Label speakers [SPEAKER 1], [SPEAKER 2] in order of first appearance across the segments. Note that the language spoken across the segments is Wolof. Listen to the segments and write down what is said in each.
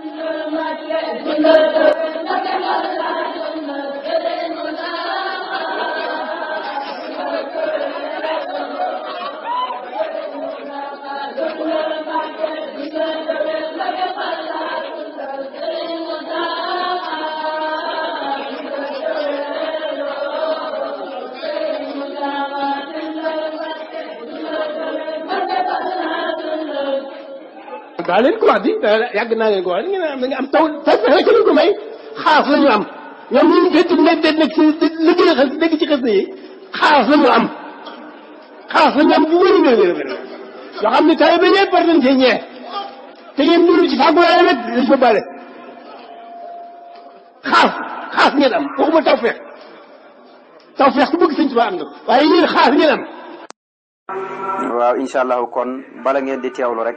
[SPEAKER 1] Thank you.
[SPEAKER 2] daa leen ko wax di naa leen ko am taw tawfeex rek lañ ko may xaas la ñu am ñoom ñu ngi nekk ci xas yi xaas la ñu am xaas la am bu wér wér wér wér yoo xam ne tawee ba ñëpp war nañ ñee te ngeen dund ci tàggooyaay nag dañ ko bale xaas xaas ngeen am waaw incha allahu kon bala ngeen di teewlu rek.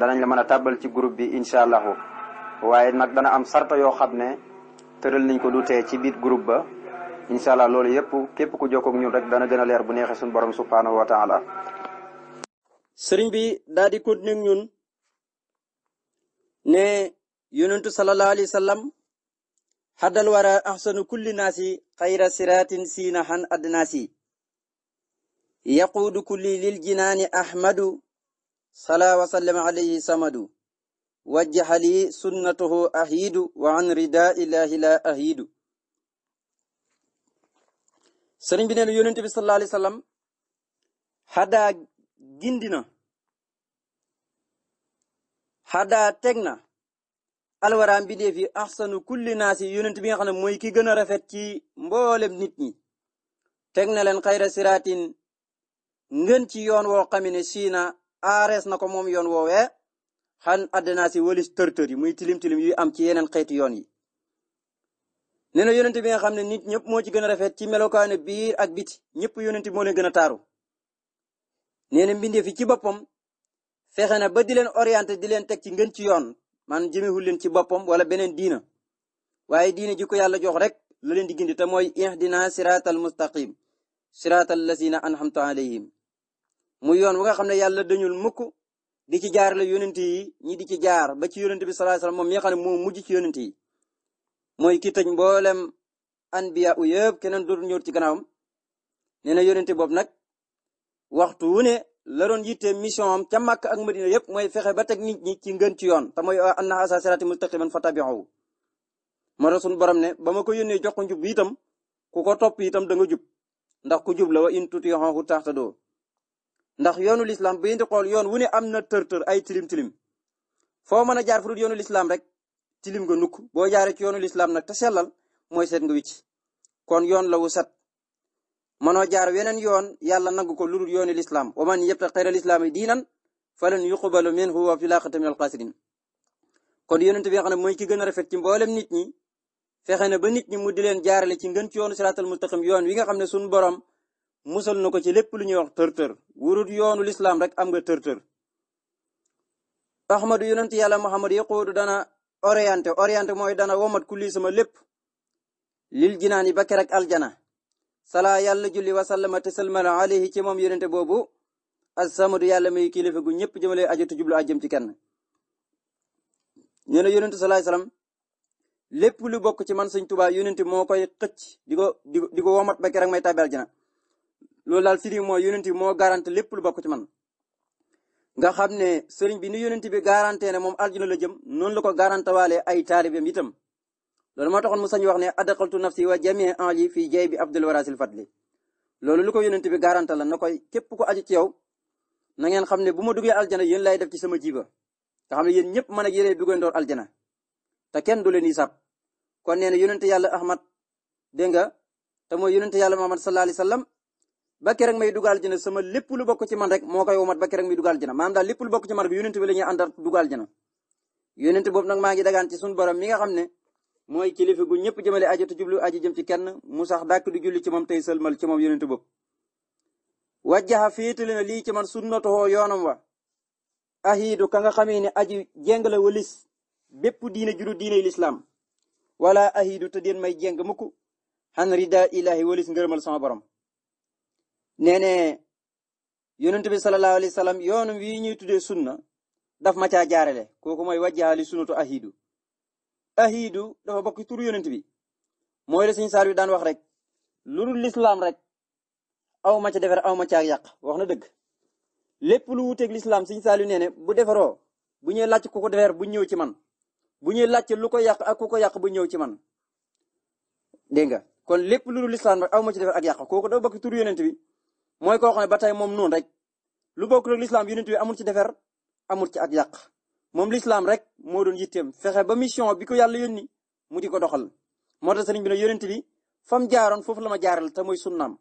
[SPEAKER 2] danañ la mën a tàbbal ci groupe bi incha allahu waaye nag dana am sarta yoo xam ne tëral nañ ko du tee ci biir groupe ba incha allah loolu yëpp képp ku jokkoog ñun rek dana gën leer bu neexee suñu borom subhaanahu wa taala sëriñ bi daal di continuer ñun ne yonentu sallallahu alayhi wa sallam xaddal wara axsanu kulli naasi xayra siraatin siinaxan adnaasi yaquudu kulli lil jinaani ahmadu صلى وسلم عليه صمد وجه لي سنته أهيد وعن رداء الله لا أهيد sëriñ bi neen yonent bi sallallahu alayhi wa sallam xadaa teg na alwaraam bi dee fi axsanu kulli naasi yonent bi nga xam ne mooy ki gën a rafet ci mboolem nit ñi teg na leen xayra siraatin ngën ci yoon woo xam ne siina ares na ko moom yoon woowee xan àddinaa si walis tërtër yi muy tilim tilim yuy am ci yeneen xeetu yoon yi. nee na bi nga xam ne nit ñëpp moo ci gën a rafet ci melokaanu biir ak biti ñëpp yonent moo leen gën a taaru. nee na fi ci boppam fexe na ba di leen orienté di leen teg ci ngën ci yoon man jëmewul leen ci boppam wala beneen diina waaye diina ji ko yàlla jox rek la leen di gindi te mooy ihdina siraatal mustaqim siraatal lazina anhamta alayhim mu yoon bu nga xam ne yàlla dañul mukk di ci jaarale yonent yi ñi di ci jaar ba ci yonent bi sallallahu alayhi moom mi nga xam ne moo mujj ci yonent yi mooy ki tëj mboolem anbiya u yëpp keneen dootul ñëw ci gannaawam nee na yonent boobu nag waxtu wu ne la mission am ca Makka ak Madina yëpp mooy fexe ba teg nit ñi ci ngën ci yoon te mooy anna haza sirati mustaqiman fattabi'uhu moo tax sunu borom ne ba ma ko yónnee jox ko njub bi itam ku ko topp itam da jub ndax ku jub la wa in tuti'uhu tahtadu ndax yoonu lislaam bu ngeen xool yoon wu ne am na tër-tër ay tilim-tilim foo mën a jaar fu dul yoonu lislaam rek tilim nga nukk boo jaar ci yoonu lislaam nag te sellal mooy seet nga wicc kon yoon la wu set mënoo jaar weneen yoon yàlla nangu ko lu dul yoonu lislaam wa man yabtaghi ghayra lislaami diinan falan yuqbala minhu wa fil aaxirati minal kon yonent bi nga xam ne mooy ki gën a rafet ci mboolem nit ñi fexe na ba nit ñi mu di leen jaarale ci ngën ci yoonu siraatal mustaqim yoon wi nga xam ne suñu borom musal na ko ci lépp lu ñuy wax tër-tër wurut yoonu lislaam rek am nga tër-tër ahmadu yonent yàlla muhammad yaquudu dana orienté orienté mooy dana womat ku lii sama lépp lil jinaan yi ba kerek aljana salaa yàlla julli wasallama te salmala alayhi ci moom yonente boobu assamadu yàlla muy kilifa gu ñëpp jëmale aju te jublu ajjëm ci kenn ñu ne yonente salaay lépp lu bokk ci man sëñ Tuubaa yonente moo koy xëcc di ko di ko womat ba kerek may tàbbi aljana loolu daal firi mooy yonent bi moo garanti lépp lu bokk nga xam ne sëriñ bi ni yonent bi garanté ne moom aljuna la jëm noonu la ko garantawaale ay taalibeem itam loolu moo taxoon mu sañ wax ne adaqaltu nafsi wa jamii ali fi jay bi abdul warasil fadli loolu lu ko yonent bi garanta la na koy képp ko aju ci yow xam ne bu ma duggee aljana yéen lay def ci sama jiba nga xam ne yéen ñëpp mën ak yéenay duggee ndoor ta te kenn du leen hisab kon nee na yonent yàlla ahmad dégg nga te mooy yonent yàlla muhammad sallallahu alayhi wasallam ba keroog may dugal jina sama lépp lu bokk ci man rek moo koy womat ba keroog may dugal jina maanaam daal lépp lu bokk ci man rek yonent bi la ñuy àndal dugal jina yonent boobu nag maa ngi dagaan ci suñu borom mi nga xam ne mooy kilifa gu ñëpp jëmale aji te jublu aji jëm ci kenn mu sax dàkk du julli ci moom tey sëlmal ci moom yonent boobu wajjaxa féetale na lii ci man sunnatoo yoonam wa ahidu ka nga xamee ne aji jéng la walis bépp diine juru diine lislaam wala ahidu te deen may jéng mukk xan rida ilahi walis ngërëmal sama borom nee ne yonent bi sallallahu alayhi wa sallam yoon wi ñuy tuddee sunna daf ma caa jaarale kooku mooy wajjaali sunnatu ahidu ahidu dafa bokk turu yonent bi mooy la suñu saar wi daan wax rek lu dul lislaam rek aw ma ca defar aw ma caa yàq wax na dëgg lépp lu wuteeg lislaam suñu saar wi nee ne bu defaroo bu ñuy laaj ku ko defar bu ñëw ci man bu ñuy laaj lu ko yàq ak ku ko yàq bu ñëw ci man dégg nga kon lépp lu dul lislaam rek aw ma ci defar ak yàq kooku dafa bokk turu yonent bi mooy koo xam ne ba tey moom noon rek lu bokk rek lislaam yonent bi amul ci defar amul ci ak yàq moom lislaam rek moo doon yitteem fexe ba mission bi ko yàlla yónni mu di ko doxal moo tax sëriñ bi ne yonent bi fam jaaroon foofu la ma jaaral te mooy sunnaam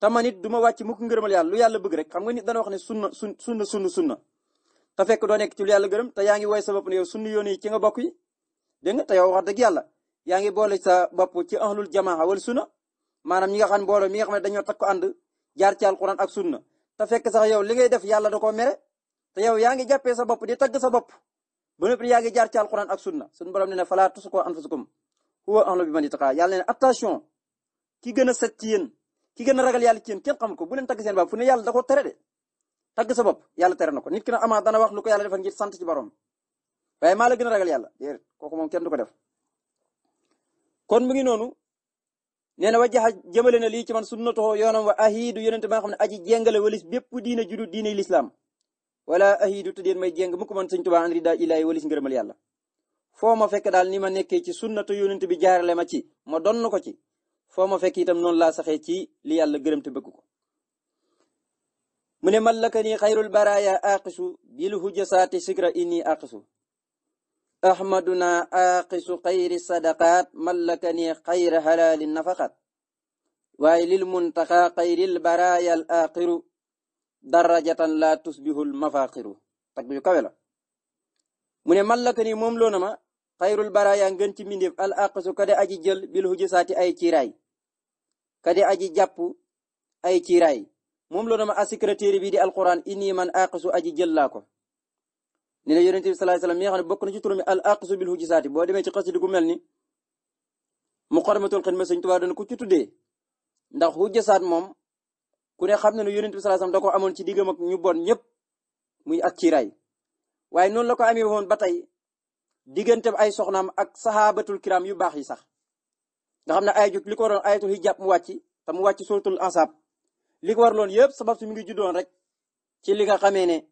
[SPEAKER 2] te man it du ma wàcc mukk ngërëmal yàlla lu yàlla bëgg rek xam nga nit dana wax ne sunna sun sunna sunna sunna te fekk doo nekk ci lu yàlla gërëm te yaa ngi woy sa bopp ne yow sunna yoon yi ci nga bokk yi dégg nga te yow wax dëgg yàlla yaa ngi boole sa bopp ci ahlul jamaa wal sunna maanaam ñi nga xam mbooloo mi nga xam ne dañoo takk ko ànd jaar ci alquran ak sunna te fekk sax yow li ngay def yàlla da koo mere te yow yaa ngi jàppee sa bopp di tagg sa bopp ba noppi yaa ngi jaar ci alquran ak sunna suñu borom ne ne falaa tusqoo anfusakum huwa a'lamu biman ittaqa yàlla ne attention ki gën a set ci yéen ki gën a ragal yàlla ci yéen kenn xam ko bu leen tagg seen bopp fu ne yàlla da koo tere de tagg sa bopp yàlla tere na ko nit ki na dana wax lu ko yàlla defal ngir sant ci borom waaye maa la gën a ragal yàlla kooku moom kenn du ko def nee na wajjaxa jëmale na lii ci man sunnatoo yoonam wa ahiidu yonent ba nga xam ne aji jéngale walis bépp diine judu diine lislaam wala ahiidu tëddeen may jéng mu ko man sëñ Tuubaa an ridaa ilaahi walis ngërëmal yàlla foo ma fekk daal ni ma nekkee ci sunnatu yonent bi jaarale ma ci ma donn ko ci foo ma fekk itam noonu laa saxee ci li yàlla gërëm te bëgg ko mu ne mallakani xayrul baraaya aqisu bil hujasaati sikra inni aqisu أحمدنا آقس خير الصدقات ملكني خير هلال النفقات وإلى المنتقى خير البرايا الآخر درجة لا تسبه المفاخر تكبير كبيرة من ملكني مملون ما خير البرايا نغنتي من ديف الآقس كده أجي جل بالهجسات أي كيراي كده أجي جابو أي كيراي مملون ما السكرتير بيدي القرآن إني من آقس أجي جل لاكو ni la yonent bi sallallahu alayhi mi nga bokk na ci turam al aqsu bil hujisaati boo demee ci xasida gu mel ni muqaddamatul xidma sëñ Tuubaa dana ko ci tuddee ndax hujisaat moom ku ne xam na ne yonent bi sallallahu alayhi wasallam da ko amoon ci diggam ak ñu bon ñëpp muy ak kiiraay waaye noonu la ko woon ba tey diggante ay soxnaam ak saxaabatul kiram yu baax yi sax nga xam ne ay jug li ko waroon ayatul hijab mu wàcc te mu wàcc suratul ansab li ko warloon yëpp sabab su mi ngi juddoon rek ci li nga xamee ne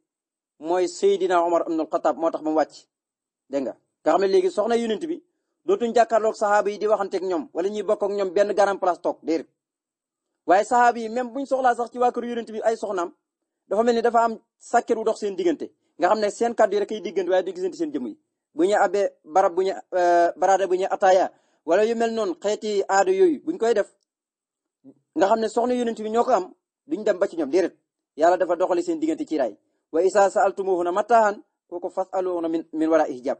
[SPEAKER 2] mooy Seydina Omar ibn al-Khattab moo tax ba mu wàcc dégg nga xam ne léegi soxna yonent bi dootuñ jàkkaarloog saxaaba yi di waxanteeg ñoom wala ñuy bokk ñoom benn garam place toog déedéet waaye saxaaba yi même buñ soxla sax ci waa kër yonent bi ay soxnaam dafa mel ni dafa am sàkkeru dox seen diggante nga xam ne seen kàddu yi rek ay diggante waaye du gisante seen jëmm yi bu ñu abee barab bu ñu euh, barada bu ñu ataaya wala yu mel noonu xeeti aada yooyu buñ koy def nga xam ne soxna yonent bi ñoo ko am duñ dem ba ci ñoom déedéet yàlla dafa doxali seen diggante ci raay wa isa saaltumuhuna mataahan kooku fasaluuna min min wara hijab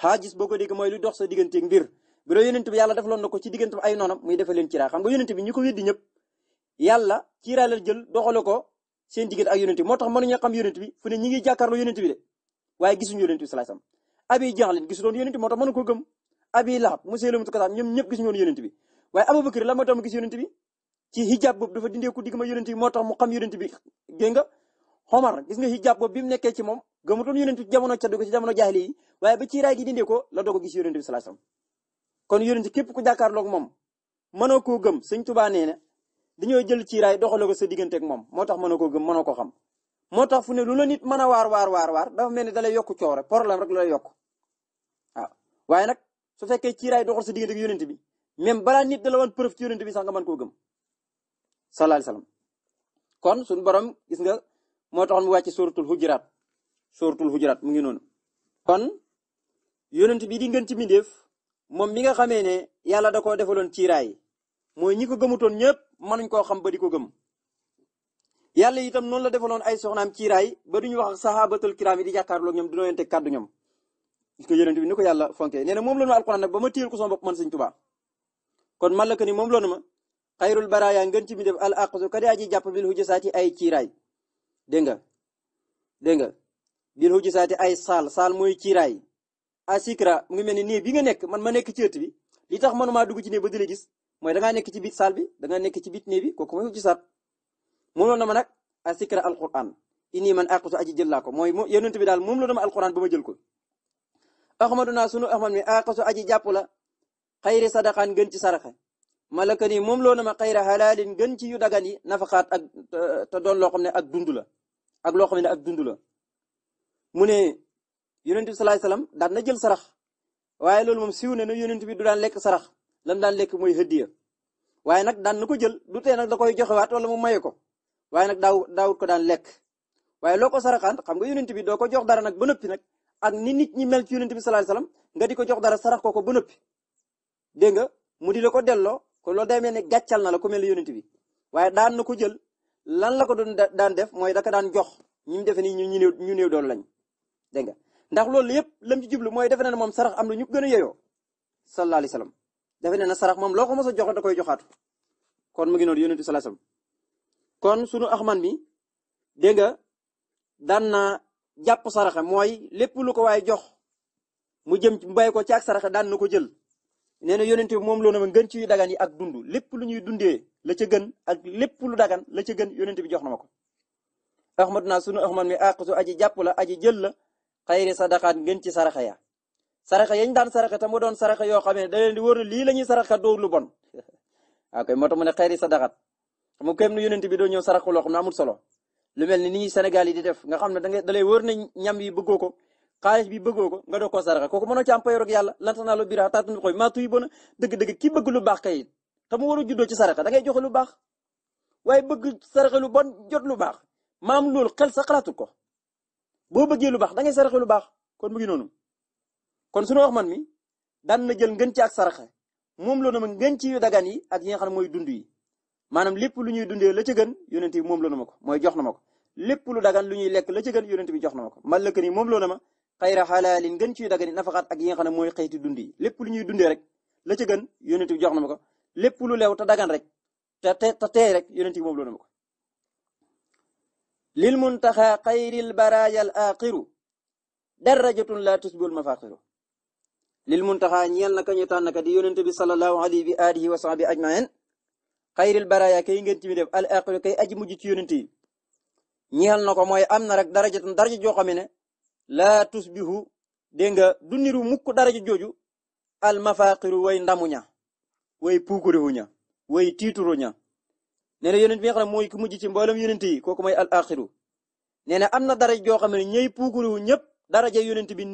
[SPEAKER 2] xaajis boo ko dégg dox sa digganteeg mbir bi la yonent bi yàlla na ko ci diggante ay noonam muy defal leen ciraa xam nga yonent bi ko weddi ñëpp yàlla ciraa la jël doxale ko seen diggante ak yonent bi moo tax mënuñu xam yonent bi bi de waaye gisuñu yonent bi salaay sam abi ko gëm abi lahab monsieur le mutukasam ñoom ñëpp gisuñu woon yonent bi waaye abubakar la moo tax mu gis yonent ci hijab boobu dafa dindeeku digg ma yonent bi moo tax mu Omar gis nga hijab boobu bi mu nekkee ci moom gëmutoon yonent bi jamono caddu ko ci jamono jaahili yi waaye ba ci raay gi dindee ko la doog gis yonent bi sallallahu kon yonent képp ku jàkkaarloog moom mënoo koo gëm sëñ Tuubaa nee na dañoo jël ci raay ko sa diggante ak moom moo tax mënoo koo gëm mënoo ko xam moo tax fu ne lu la nit mën waar waar waar waar dafa mel ni da lay yokk coow rek problème rek la lay yokk waaw waaye nag su fekkee ci raay doxal sa diggante ak yonent bi même bala nit da la wan preuve ci bi sax nga mën koo gëm sallallahu alayhi wasallam kon moo taxoon mu wàcc suratul hujuraat suratul hujuraat mu ngi noonu. kon yonent bi di ngeen ci mbindeef moom mi nga xamee ne yàlla da koo defaloon ci raay mooy ñi ko gëmutoon ñëpp mënuñ koo xam ba di ko gëm. yàlla itam noonu la defaloon ay soxnaam ci raay ba duñu wax saxaabatul kiraam yi di jàkkaarloo ñoom dina yonte kàddu ñoom. yonent bi ni ko yàlla fonkee nee moom la ñu alquran nag ba ma téyel ko sama man sëñ Tuubaa kon man la moom la nu ma xayrul baraayaa ngeen ci mbindeef al ay ci dégg nga dégg nga bil hujju saati ay saal saal mooy kiiraay asikra mu ngi mel ni nii bi nga nekk man ma nekk ci ëtt bi li tax manumaa dugg ci néeg ba di la mooy dangaa nekk ci biir saal bi danga nekk ci biir néeg bi ko mooy hujju saat mënoon na ma nag asikra alquran ini man aqutu aji jël laa ko mooy yonent bi daal moom la dama alquran ba ma jël ko ahmadu naa sunu ahmad mi aqutu aji jàpp la xayri sadaqaan gën ci saraxa malaka nii moom loo na ma xayra gën ci yu dagan yi nafaqaat te doon loo xam ne ak dund la ak loo xam ne ak dund la mu ne yonent bi salaay salaam daan na jël sarax waaye loolu moom siiw na ne yonent bi du daan lekk sarax lam daan lekk mooy hëddiya waaye nag daan na ko jël du tee nag da koy joxewaat wala mu maye ko waaye nag daaw daawut ko daan lekk waaye loo ko saraxaan xam nga yonent bi doo ko jox dara nag ba noppi nag ak ni nit ñi mel ci yonent bi salaay salaam nga di ko jox dara sarax ko ko ba noppi dégg nga mu di la ko delloo kon loolu day mel ne gàccal na la ku mel ne yonent bi waaye daan na ko jël lan la ko doon daan def mooy daka daan jox ñi defe nii ñu néew ñu néew doon lañ dégg nga ndax loolu yëpp lam ci mooy defe na ne moom sarax am na ñu gën a yeyoo sallallahu alayhi wasallam defe na ne sarax moom loo ko mos a jox da koy joxaat kon mu ngi noonu yonent sallallahu alayhi wasallam kon sunu axman mi dégg nga daan na jàpp saraxe mooy lépp lu ko waaye jox mu jëm ci mbay ko ci ak saraxe daan na ko jël nee na yonent bi moom loo na ma ngën ci dagan ak dund lépp lu ñuy dundee la ca gën ak lépp lu dagan la ca gën yonent bi jox na ma ko ahmad naa sunu ahmad mi àqsu aji jàpp la aji jël la xayri sadaqaat ngën ci saraxa ya saraxa yañ daan saraxa te mu doon saraxa yoo xam ne da di wóor lii la ñuy saraxa doo lu bon waaw moo tax mu ne xayri sadaqaat xam nga kéem nu yonent bi doo ñëw saraxa loo xam ne solo lu mel ni ni ñuy Sénégal yi di def nga xam ne da ngay da lay ñam yi bëggoo ko xaalis bi bëggoo ko nga doog koo saraxa kooku mënoo ci am payoor ak yàlla lanta naa lu biira taatan bi xoy maa tuy bona dëgg-dëgg ki bëgg lu baax kay te mu war a juddoo ci saraxa da ngay joxe lu baax waaye bëgg saraxa lu bon jot lu baax mam loolu xel sa xalaatul ko boo bëggee lu baax da ngay saraxa lu baax kon mu ngi noonu kon suñu wax man mi daan na jël ngën ci ak saraxa moom la ma ngën ci dagan yi ak yi nga xam ne mooy dund yi maanaam lépp lu ñuy dundee la ca gën yonent bi moom la ma ko moy jox na ma ko lépp lu dagan lu ñuy lekk la ca gën yonent jox na ma ko man la ni moom la ma xayra xalaalin gën ciy dagan nafaqaat ak yi nga xam ne mooy xeeti dund yi lépp lu ñuy dundee rek la ca gën yonent bi jox na ko lépp lu leew te dagan rek te te te tey rek yonent bi moom loo na ma ko lil muntaxa xayril baraayal aqiru darajatun la tusbul mafaqiru lil muntaxa ñeel na ka ñu tànn ka di yonent bi sallallahu alayhi bi aalihi wa sahbi ajmain xayril baraaya kay ngeen ci mi def al aqiru aji mujj ci yonent yi ñeel na ko mooy am na rek darajatun daraja joo xam ne laa tusbihu dégg nga du niru mukk dara ji jooju al mafaqiru way ndamu ña way puukurihu ña way tiituru ña nee na bi nga xam ne mooy ku mujj ci mboolem yonent yi kooku mooy al axiru nee na am na daraja joo xam ne ñooy puukurihu ñëpp daraja yonent bi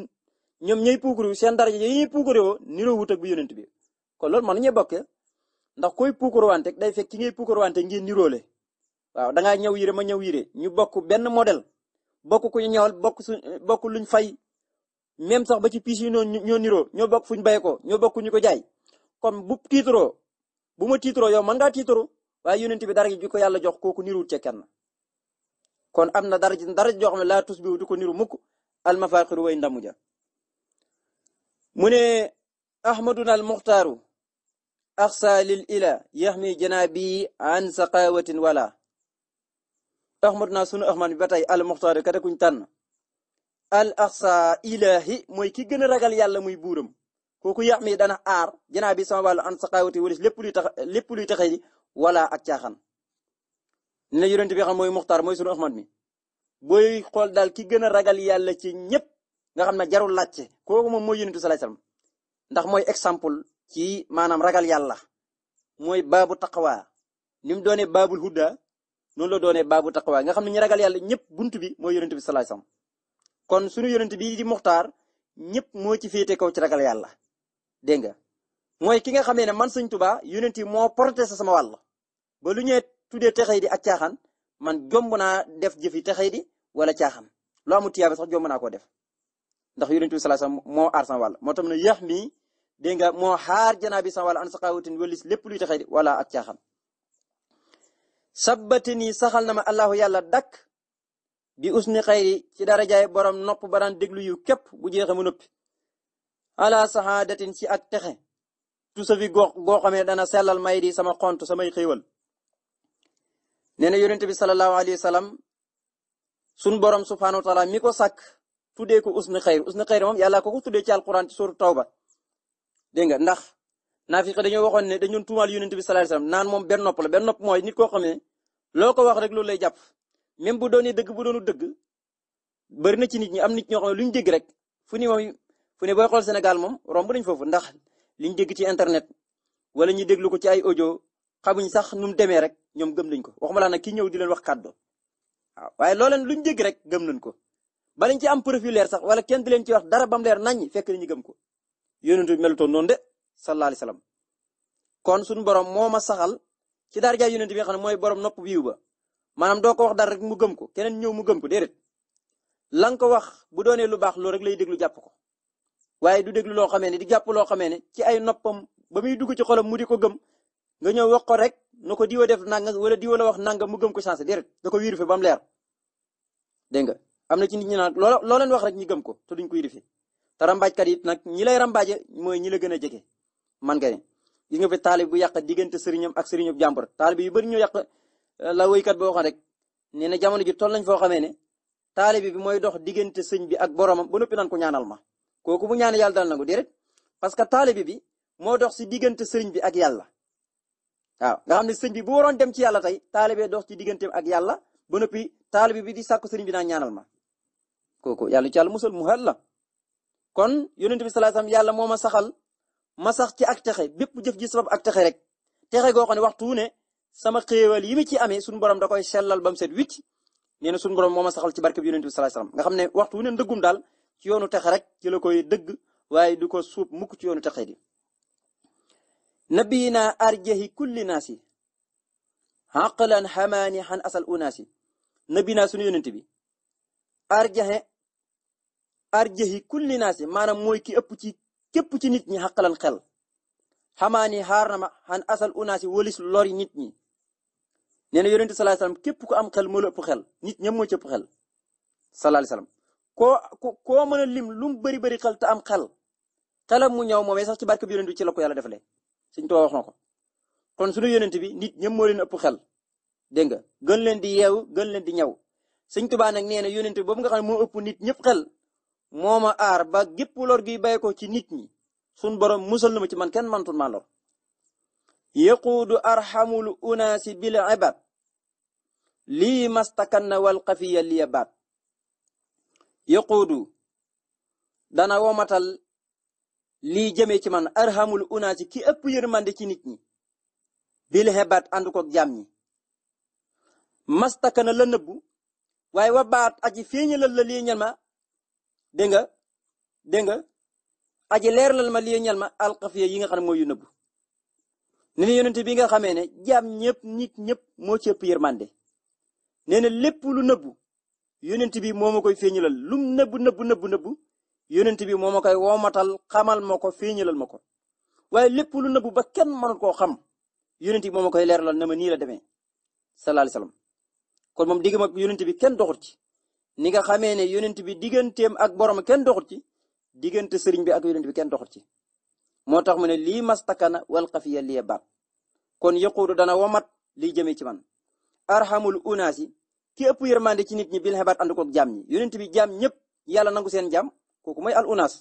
[SPEAKER 2] ñoom ñooy puukurihu seen daraja yi ñuy puukurihu niroo wut bi bu bi kon lool mën nañu bokk ndax koy puukurwante day fekk ki ngay puukurwante ngeen niroole waaw da ñëw yire ma ñëw yire ñu bokk benn modèle bokk ku ñu bokku bokk suñ bokk luñ fay même sax ba ci piis yi ñoo ñoo niroo ñoo bokk fuñ bay ko ñoo bokk ñu ko jaay kon bu tiitaroo bu ma tiitaroo yo man ngaa tiitaroo waaye yonent bi dara ji ko yàlla jox kooku niruwut ca kenn kon am na dara ji dara joo xam laa tus bi du ko niru mukk almafaaxiru way ndamu ja mu ne ahmaduna al muxtaaru axsa lil ila yaxmi janaabi an saqawatin wala ahmad naa sunu ahmad bi ba tey al muxtaar kata kuñ tànn al axsa ilahi mooy ki gën a ragal yàlla muy buuram kooku yax mi dana aar janaa bi sama wàllu an saqaawati walis lépp luy tax lépp luy taxay wala ak caaxaan ne na bi xam mooy muxtaar mooy sunu ahmad mi booy xool daal ki gën a ragal yàlla ci ñëpp nga xam ne jarul laajte kooku moom mooy yonentu salaay salaam ndax mooy exemple ci maanaam ragal yàlla mooy baabu taqwa ni mu doonee baabul noonu la doonee baabu taqwa nga xam ne ñu ragal yàlla ñëpp buntu bi mooy yonent bi sallallahu alayhi wasallam kon suñu yonent bi di muxtaar ñëpp moo ci féete kaw ci ragal yàlla dégg nga mooy ki nga xamee ne man sëñ Tuubaa yonent yi moo protéger sama wàll ba lu ñëwee tuddee texay di ak caaxaan man jomb naa def jëfi texay di wala caaxaan lu amul tiyaaba sax jomb naa koo def ndax yonent bi sallallahu alayhi wasallam moo aar sama moo tam ne yax mi dégg nga moo xaar janaa bi sama wàll an saqaawatin walis lépp luy texay di ak caaxaan sabbati nii saxal na ma allahu yàlla dakk bi usni xayri ci darajaay borom nopp ba daan déglu yu képp bu jeexee mu noppi ala saxaadatin ci ak texe tu sa fi goo goo xamee dana sellal may di sama xont samay xéewal nee na yonent bi sallallahu alayhi wa sallam sun borom subhaanahu wa taala mi ko sàkk tuddee ko usni xayri usni xayri moom yàlla ko ko tuddee ci alquran ci suur tawba ndax naafiq dañoo waxoon ne dañu tuumaal yonent bi sallallahu alayhi wasallam naan moom benn nopp la benn nopp mooy nit koo xamee loo ko wax rek loolu lay jàpp même bu doonee dëgg bu doonu dëgg bari na ci nit ñi am ni ñoo xam ne lu ñu dégg rek fu ni moom fu ni booy xool Sénégal moom romb nañ foofu ndax li ñu ci internet wala ñuy déglu ko ci ay audio xamuñ sax nu mu demee rek ñoom gëm nañ ko waxuma laa nag ki ñëw di leen wax kàddu waaw waaye looleen lu ñu dégg rek gëm nañ ko balañ ci am profil leer sax wala kenn di leen ci wax dara bam leer naññ fekk nañu gëm ko yonent bi melutoon noonu de sallallahu alayhi wasallam kon suñu borom moo ma saxal ci darja yonent bi nga xam ne mooy borom nopp biiw ba maanaam doo ko wax dara rek mu gëm ko keneen ñëw mu gëm ko deret la nga ko wax bu doonee lu baax loolu rek lay déglu jàpp ko waaye du déglu loo xamee ne di jàpp loo xamee ne ci ay noppam ba muy dugg ci xolam mu di ko gëm nga ñëw wax ko rek na ko diwa def nangam wala diwa la wax nangam mu gëm ko chance déedéet da ko wiir fi ba mu leer dégg nga am na ci nit ñi naan loo loo leen wax rek ñi gëm ko te duñ ko wiir fi te rambaajkat nag ñi lay rambaaje mooy ñi la gën a jege man nga ne gis nga fi taalib bu yàq diggante sëriñam ak sëriñub jàmbur taalib yu bëri ñu yàq eh, la woykat boo waxoon rek nee na jamono ji toll nañ foo xamee ne taalib bi mooy dox diggante sëñ bi ak boromam ba noppi naan ko ñaanal ma kooku bu ñaan yàlla dal na ko déedéet parce que taalib bi moo dox si diggante sëriñ bi ak yàlla waaw nga xam ne sëñ bi bu waroon dem ci yàlla tey taalibee dox ci digganteem ak yàlla ba noppi taalib bi di sàkku sëriñ bi na ñaanal ma kooku yàlla ci yàlla musal mu xel la ma sax ci ak texe bépp jëf ji sabab ak texe rek texe goo xam ne waxtu wu ne sama xéewal yi mi ci amee suñu borom da koy sellal ba mu set wicc nee na suñu borom moo ma saxal ci barke bi yonent bi sallallahu alayhi wasallam nga xam ne waxtu wu ne ndëggum daal ci yoonu texe rek ci la koy dëgg waaye du ko suub mukk ci yoonu texe di nabiyina arjahi kulli naasi xaqlan xamaani xan asal unaasi nabina sunu yonent bi arjahe arjahi kulli naasi maanaam mooy ki ëpp ci képp ci nit ñi xaqalal xel xamaani xaar na ma xan asal unaasi wëlis lori nit ñi nee na yonente salaay salaam képp ku am xel moo la ëpp xel nit ñëpp moo ci ëpp xel salaay salaam koo koo mën a lim lu mu bari bëri xel am xel xelam mu ñëw moomee sax ci barke bi yonent bi ci la ko def defalee suñ too wax ko kon suñu yonent bi nit ñëpp moo leen ëpp xel dégg nga gën leen di yeewu gën leen di ñaw sëñ Tuubaa nag nee na yonent boobu xam ne moo ëpp nit ñëpp xel moo ma aar ba gépp lor gi bay ko ci nit ñi sun borom musal na ci man kenn mantul ma lor yaquudu arhamul unaasi bil ibad lii mastakanna wal xafiya liya baat yaquudu dana womatal lii jëmee ci man arhamul unaasi ki ëpp yërmande ci nit ñi bil hebat ànd ko jàmm ñi mastakana la nëbbu waaye wa baat aji feeñalal la lii ñan ma dégg nga dégg nga aji leerlal ma lii ñal ma alxafiya yi nga xam ne mooy yu nëbbu ne na yonent bi nga xamee ne jaam ñëpp nit ñëpp moo ci ëpp yërmande nee na lépp lu nëbbu yonent bi moo ma koy feeñalal lum nëbbu nëbbu nëbbu nëbbu yonent bi moo ma koy woomatal xamal ma ko feeñalal ma ko waaye lépp lu nëbbu ba kenn mënul koo xam yonent bi moo ma koy leerlal na ma nii la demee sallallahu alayhi wasallam kon moom digg ma yonent bi kenn doxut ci ni nga xamee ne yonent bi digganteem ak borom kenn doxut ci diggante sëriñ bi ak yonent bi kenn doxut ci moo tax mu ne lii mastakana wal xafiya liye baat kon yaquudu dana womat liy jëmee ci man arhamul unaasi ki ëpp yërmande ci nit ñi bil xebaat ànd koog jaam ñi yonent bi jaam ñëpp yàlla nangu seen jaam kooku mooy al unaas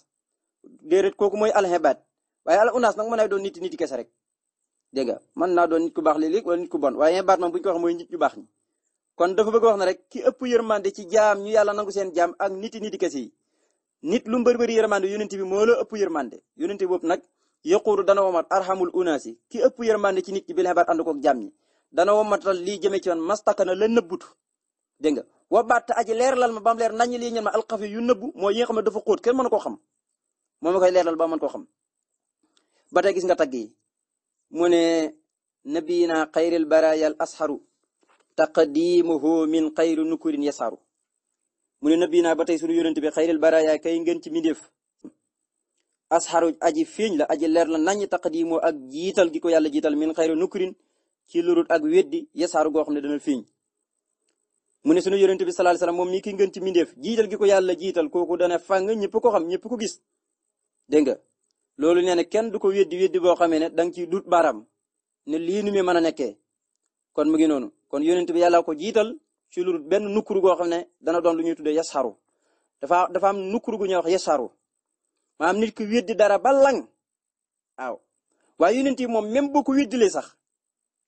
[SPEAKER 2] déedéet kooku mooy al xebaat waaye al unaas nag mën naa doon nit nit kese rek dégg nga mën naa doon nit ku baax léeg-léeg wala nit ku bon waaye xebaat moom bu ñu ko waxee nit ñu baax ñi kon dafa bëgg wax ne rek ki ëpp yërmande ci jaam ñu yàlla nangu seen jaam ak niti yi nit kese yi nit lu mbër bëri yërmande yonent bi moo la ëpp yërmande yonent boobu nag yaquuru dana womat arhamul unaasi ki ëpp yërmande ci nit ki bil xibaar ànd koog jaam ñi dana womatal lii jëmee ci man mastakana la nëbbutu dégg nga wa baat aji leeralal ma ba mu leer naññ lii ñen ma alxafi yu nëbbu mooy yi nga xam ne dafa xóot kenn mën koo xam moo ma koy leeralal ba mën koo xam ba tey gis nga tagg yi mu ne nabiyina xayril baraya al asharu taqdimuhu min xayri nukurin yasaru mu ne nabi naa ba tey sunu yonent bi xayril baraya kay ngeen ci mindeef asxaru aji fiiñ la aji leer la nañ taqdimu ak jiital gi ko yàlla jiital min xayri nukurin ci lurut ak weddi yasaru goo xam ne dana fiiñ mu ne sunu yonent bi sallallahu alayhi wasallam moom mii ki ngeen ci mindeef jiital gi ko yàlla jiital kooku dana fàng ñëpp ko xam ñëpp ko gis dégg nga loolu nee na kenn du ko weddi weddi boo xamee ne da nga ciy dut baaraam ne lii nu muy mën a nekkee kon mu ngi noonu kon yonent bi yàlla ko jiital ci lu benn nukkuru goo xam ne dana doon lu ñuy tuddee yasaru dafa dafa am nukkuru gu ñuy wax yasaru maanaam nit ku weddi dara ba lang waaw waaye yonent yi moom même boo ko weddilee sax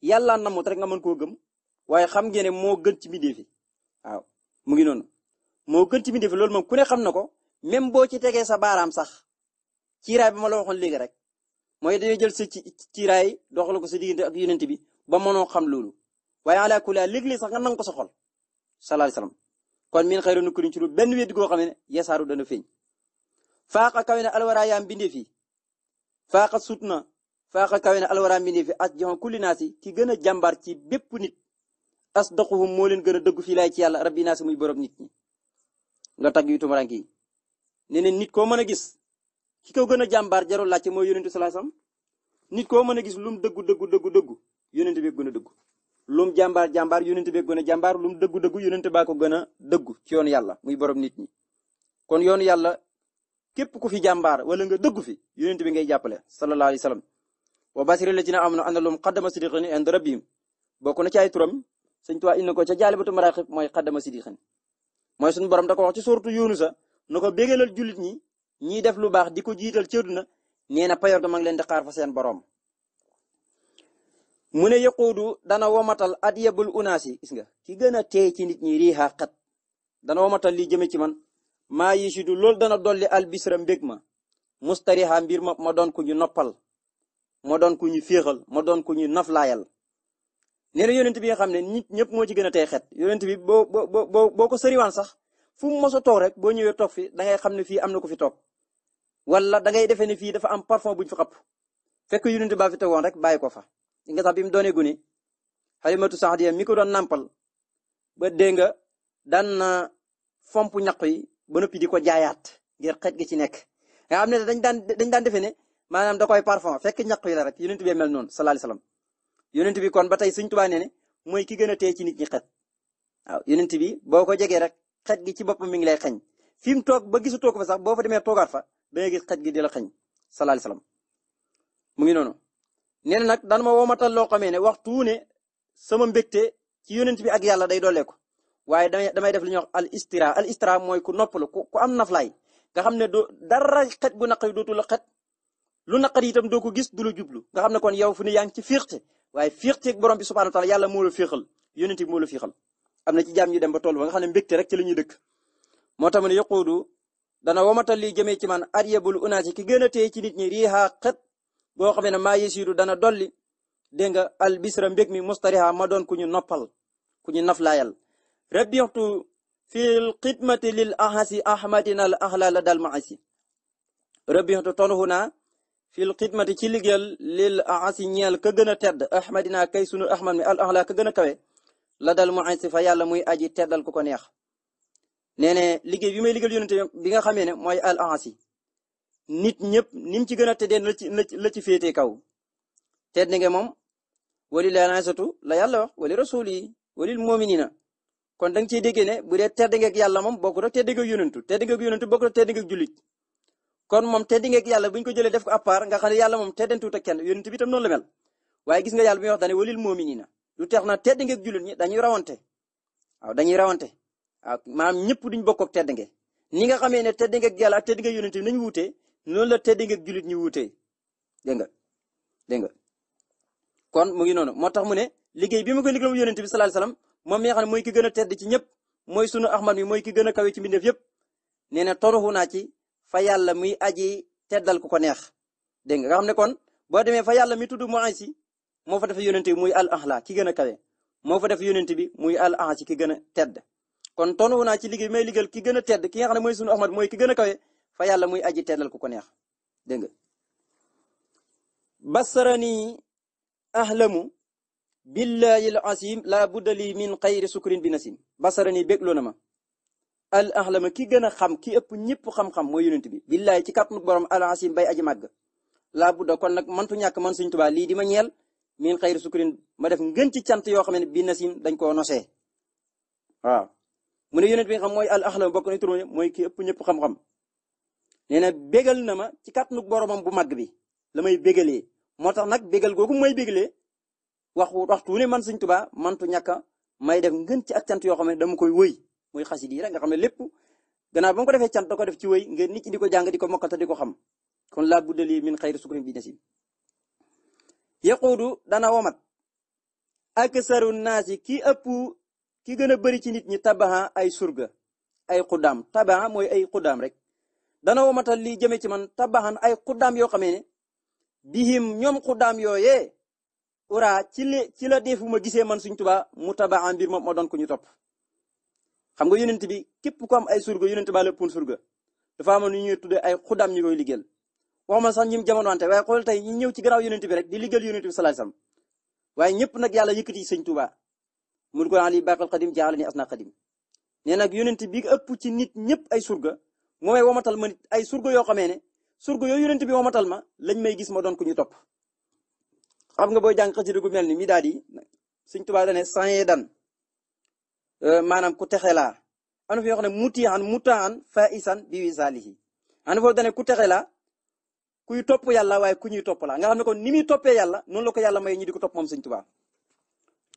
[SPEAKER 2] yàlla namut rek nga mën koo gëm waaye xam ngeen ne moo gën ci mbindeef yi waaw mu ngi noonu moo gën ci mbindeef loolu moom ku ne xam na ko même boo ci tegee sa baaraam sax ciiraay bi ma la waxoon léegi rek mooy dañoo jël sa ci ciiraay doxal ko sa diggante ak yonent bi ba mënoo xam loolu. waaye ala kulli léeg sax nga nangu ko soxol xol sallallahu alayhi wasallam kon min xayru nukkurin ci lu benn wedd goo xam ne yasaaru dana feeñ faaqa kawe na alwara yaam bindee fi faaqa sut na faaqa kawe na alwara bindee fi as joxoon kulli ki gën a jàmbaar ci bépp nit as doxuhum moo leen gën a dëggu fii laay ci yàlla rabbi naasi muy borom nit ñi nga tagg yu nit koo mën a gis ki ko gën a jàmbaar jarul laajte mooy yonentu sallallahu alayhi wasallam nit koo mën a gis lum dëggu dëggu dëggu dëggu yonent bi gën a dëggu lum jàmbaar jàmbaar yonent bee gën a jàmbaar lum dëggu dëggu yonent baa ko gën a dëggu ci yàlla muy borom nit ñi kon yoonu yàlla képp ku fi jàmbaar wala nga dëggu fi yonent bi ngay jàppale sallallahu alayhi wa sallam na basiri lajina amanu anna lum qaddama sidiqan inda rabbihim bokk na ci ay turam sëñ Tuubaa indi ko ca jaalibatu maraqib mooy qaddama sidiqan mooy suñu borom da ko wax ci suuratu Yunus na ko bégalal jullit ñi ñiy def lu baax di ko jiital ci àddina nee na payoor ga ma ngi leen di xaar fa seen borom mu ne yaquudu dana womatal at yebul unaasi gis nga ki gën a teey ci nit ñi riixa xat dana womatal li jëme ci man maa yi si loolu dana dolli albisra mbég ma mustariha mbir ma ma doon ku ñu noppal ma doon ku ñu féexal ma doon ku ñu naflaayal nee na yonent bi nga xam ne nit ñëpp moo ci gën a tey xet yonent bi boo boo boo ko sëriwaan sax fu mu mos a toog rek boo ñëwee toog fi da ngay xam ne fii am na ko fi toog wala da ngay defee ne fii dafa am parfum bu ñu fi xapp fekk yonent baa fi tegoon rek bàyyi ko fa. nga sax bi mu doonee gune sax Saadiya mi ko doon nampal ba dégg nga daan na fomp ñaq yi ba noppi di ko jaayaat ngir xet gi ci nekk. nga xam ne dañ daan dañ daan defee ne maanaam da koy parfum fekk ñaq yi la rek yonent bi mel noonu sallallahu alayhi wasallam yonent bi kon ba tey Sëriñ Tuubaa ne mooy ki gën a téye ci nit ñi xet waaw yonent bi boo ko jegee rek xet gi ci boppam mi ngi lay xeñ fi mu toog ba gisu toog fa sax boo fa demee toogaat fa da ngay xet gi di la xeñ sallallahu alayhi wasallam mu ngi noonu. nee nag dan ma womatal loo xamee ne waxtu wu ne sama mbégte ci yonent bi ak yàlla day dooleeku waaye damay damay def li ñuy wax al istira al istira mooy ku noppalu ku ku am naflaay nga xam ne doo dara xet gu naqari dootu la xet lu naqari itam doo ko gis du la jublu nga xam ne kon yow fu ne yaa ngi ci fiixte waaye fiixte ak borom bi subhaanahu wa taala yàlla moo la fiixal yonent bi moo la fiixal am na ci jaam ñu dem ba tool ba nga xam ne mbégte rek ci la ñuy dëkk moo tax ma ne yaquudu dana womatal li jëmee ci man aryabul unaasi ci nit ñi boo xamee ne maa yesiiru dana dolli dégg nga albisra mbég mi mustariha ma doon ku ñu noppal ku ñu naflaayal rabixtu fil xidmati lil ahasi ahmadina al ahlala dal maasi rabixtu tonuhu naa fil xidmati ci liggéeyal lil ahasi ñeel ka gën a tedd ahmadina kay sunu ahmad mi al ahla ka gën a kawe la dal maasi fa yàlla muy aji teddal ko ko neex nee ne liggéey bi may liggéeyal yonente bi nga xamee ne mooy al ahasi nit ñëpp ni mu ci gën a tëddee la ci la la ci féetee kaw tedd nga moom wali la lansatu la yàlla wax wali rasul yi walil muminina kon da nga ciy déggee ne bu dee tedd nga ak yàlla moom bokkut ak tedd nga ak yonentu tedd nga ak yonentu bokkut ak tedd nga ak jullit kon moom tedd nga ak yàlla bu ñu ko jëlee def ko à part nga xam ne yàlla moom teddantuut ak kenn yonentu bi tam noonu la mel waaye gis nga yàlla bi ñuy wax daane walil muminina lu na tedd nga ak jullit ñi dañuy rawante waaw dañuy rawante waaw maanaam ñëpp duñ bokk ak tedd nga ni nga xamee ne tedd nga ak yàlla ak tedd nga yonentu bi nañu noonu la tedd nga jullit ñi wuutee dégg nga dégg nga kon mu ngi noonu moo tax mu ne liggéey bi ma ko liggéeyam yonent bi sallallahu alayhi wasallam moom mi nga xam ne mooy ki gën a tedd ci ñëpp mooy sunu ahmad mi mooy ki gën a kawe ci mbindeef yëpp nee na toroxu naa ci fa yàlla muy aji teddal ku ko neex dégg nga nga xam ne kon boo demee fa yàlla mi tudd mu ansi moo fa def yonent bi muy al ahla ki gën a kawe moo fa def yonent bi muy al ansi ki gën a tedd kon toroxu naa ci liggéey bi may liggéeyal ki gën a tedd ki nga mooy sunu gën a fa yàlla muy aji teelal ko ko neex dégg nga basarani ahlamu billahi al asim la budda li min xayri sukrin bi nasim basarani bégloo na ma al ahlama ki gën a xam ki ëpp ñëpp xam-xam mooy yonent bi billahi ci kàttanu borom al asim bay aji màgg laa budda kon nag mantu ñàkk man suñ tubaa lii di ma ñeel min xayri sukrin ma def ngën ci cant yoo xam ne bi nasim dañ koo nosee waaw mu ne yonent bi xam mooy al ahlama bokk na turam mooy ki ëpp ñëpp xam-xam nee na bégal na ma ci boro boromam bu màgg bi la may bégalee moo tax nag bégal googu may bégalee wax waxtu wu ne man Sëñ Tuubaa mantu ñàkk may def ngeen ci ak cant yoo xam ne dam koy wëy muy xasida yi rek nga xam ne lépp gannaaw ba ko defee cant da ko def ci wëy ngeen nit ñi di ko jàng di ko mokkal te di ko xam kon laa buddali min xayri sukrin bi nasib yaquudu dana womat aksaru naasi ki ëpp ki gën a bëri ci nit ñi tabaxa ay surga ay xuddaam tabaxa mooy ay xuddaam rek dana womatal lii jëme ci man tabaxan ay xuddaam yoo xamee ne bihim ñoom xuddaam yooyee ura ci la ci la deefu ma gisee man suñ tubaa mu tabaxan mbir moom moo doon ko ñu topp xam nga yonent bi képp ku am ay surga yonent baa léppoon surga dafa amoon ñu ñuy tuddee ay xuddaam ñu koy liggéeyal waxuma sax ñim jamono wante waaye xool tey ñi ñëw ci garaaw yonent bi rek di liggéeyal yonent bi sallallahu sam wasallam waaye ñëpp nag yàlla yëkkati sëñ tubaa mun ko ali baqal qadim jaalani asna qadim nee nag yonent bi ëpp ci nit ñëpp ay surga mu may womatal ma ay surga yoo xamee ne surga yooyu yonent bi womatal ma lañ may gis ma doon ku ñu topp. xam nga booy jàng xasida gu mel ni midaad yi Sëñ Tuubaa da ne dan euh, maanaam ku texe laa ana fi yoo xam ne mutihan mutaan fa isan bi wisaalihi ana foofu da ne ku texe laa kuy topp yàlla waaye ku ñuy topp la nga xam ne kon ni muy toppee yàlla noonu la ko yàlla may ñu di ko topp moom Sëñ Tuubaa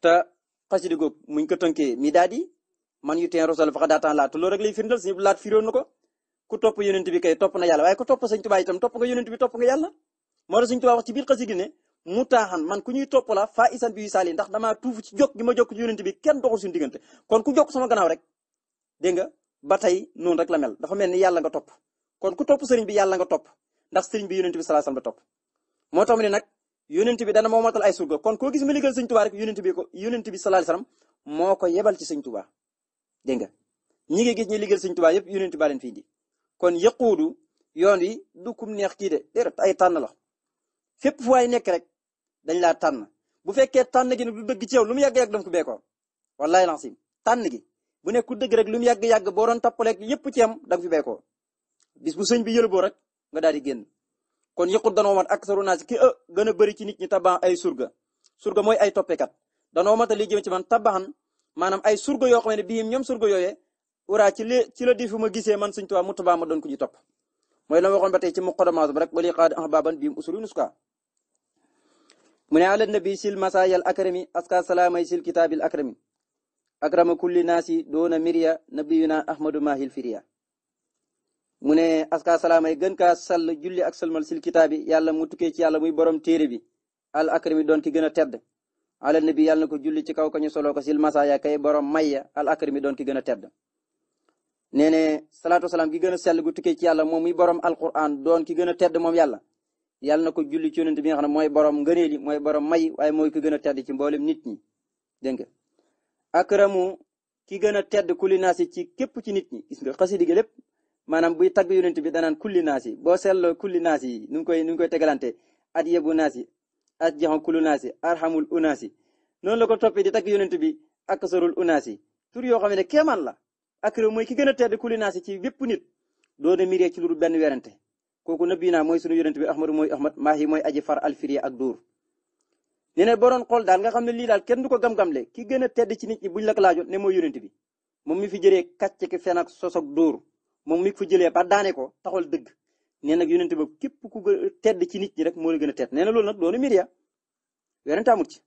[SPEAKER 2] te xasida googu muñ ko tënkee midaad yi man yu teen rosal faxa daataan laa te loolu rek na ko ku topp yonent bi kay topp na yàlla waaye ku topp sëñ Tuubaa itam topp nga yonent bi topp nga yàlla moo tax sëñ Tuubaa wax ci biir xasida ne mu taaxan man ku ñuy topp la faa isan bi yu saali ndax damaa tuuf ci jokk gi ma jokk ci yonent bi kenn doxul suñu diggante kon ku jokk sama gannaaw rek dégg nga ba tey noonu rek la mel dafa mel ni yàlla nga topp kon ku topp sëriñ bi yàlla nga topp ndax sëriñ bi yonent bi sallallahu alayhi wasallam la topp moo tax mu ne nag yonent bi dana moo matal ay surga kon koo gis ma liggéeyal sëñ Tuubaa rek yonent bi ko yonent bi sallallahu alayhi wasallam moo ko yebal ci sëñ Tuubaa dégg nga ñi ngi gis ñi liggéeyal sëñ Tuubaa yëpp yonent baa leen fi indi kon yëquudu yoon wi du kum neex kii de déedéet ay tànn la fépp fu waay nekk rek dañ laa tànn bu fekkee tànn gi nag du dëgg ci lu mu yàgg-yàgg dama ko beekoon wallaay lancim tànn gi bu nekku dëgg rek lu mu yàgg-yàgg boo doon tappaleeg yëpp ci am da nga fi beekoo bis bu sëñ bi yëlboo rek nga daal di génn kon yëqut danoo mat ak saru ki ë ah, gën a bëri ci nit ñi tabax ay surga surga mooy ay toppekat danoo mata li jëm ci man tabaxan maanaam ay surga yoo xam ne bii ñoom surga yooye wara ci li ci la di fu ma gisee man suñ tubaab mu ma doon ku ñu topp mooy la ma waxoon ba tey ci muqaddamaat ba rek wali qaad ahbaban bi usulu nuska mu ne ala nabi sil masayal akrami aska salaamay sil kitaabil akrami akrama kulli naasi doona miriya nabiyuna ahmadu mahil firiya mu ne aska salaamay gën kaa sall julli ak salmal sil kitaabi yàlla mu tukkee ci yàlla muy borom téere bi al akrami doon ki gën a tedd ala nabi ko julli ci kaw kañu solo ko sil masaya kay borom maya doon ki gën a tedd nee ne salaatu salaam gi gën a sell gu tukkee ci yàlla moom muy borom alquran doon ki gën a tedd moom yàlla yàlla na ko julli ci yonent bi nga xam ne mooy borom ngëneeli mooy borom may waaye mooy ki gën a tedd ci mboolem nit ñi dégg nga akramu ki gën a tedd kulli naasi ci képp ci nit ñi gis nga xasidi gi lépp maanaam buy tagg yonent bi danaan kulli naasi boo seetloo kulli naasi yi nu ngi koy nu ngi koy tegalante at yebu naasi at jaxon kullu naasi noonu la ko toppee di tagg yonent bi ak sarul unaasi tur yoo xam ne kéemaan la akram mooy ki gën a tedd ku li naas ci bépp nit doo na miree ci lu dul benn werante kooku nabi naa mooy sunu yonent bi ahmadu mooy ahmad maahi mooy aji far alfiriya ak dóor ne ne boroon xool daal nga xam ne lii daal kenn du ko gam-gamle ki gën a tedd ci nit ñi buñ la ko laajoon ne mooy yonent bi moom mi fi jëlee kàcc ki fen ak sos ak moom mi ko jëlee ba daane ko taxul dëgg nee nag yonent ba képp ku gën a tedd ci nit rek moo la gën a tedd nee na loolu nag doonu miriya werante amut ci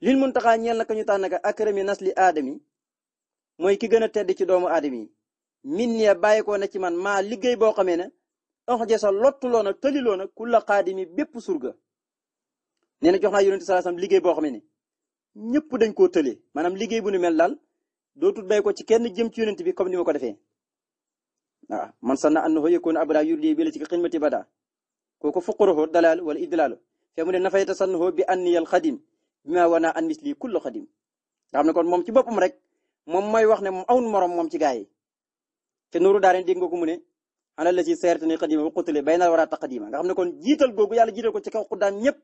[SPEAKER 2] lil muntaxa ñeel na ko ñu tànn ka akrami nasli aadami mooy ki gën a tedd ci doomu aadama yi min ya bàyyi na ci man maa liggéey boo xamee ne ox jesa lottuloo na tëliloo na ku la xaadimi bépp surga nee na jox naa yonente sallallahu liggéey boo xamee ne ñëpp dañ koo tëlee maanaam liggéey bu nu mel daal dootul bay ci kenn jëm ci yonente bi comme ni ma ko defee waaw man sanna annahu yakuna abra yurdi bi la ci xidmati bada kooku fuqruhu dalal wala idlal fe mu ne nafayta sannahu bi anniyal xadim bi ma wana an misli kullu xadim nga xam ne kon moom ci boppam rek moom may wax ne moom awun morom moom ci gaa yi te nuuru daareen dégg nga ko mu ne ana la ci seerte ni xadima wa xutale bay naa war a tax xadima nga xam ne kon jiital googu yàlla jiital ko ci kaw xuddaan ñëpp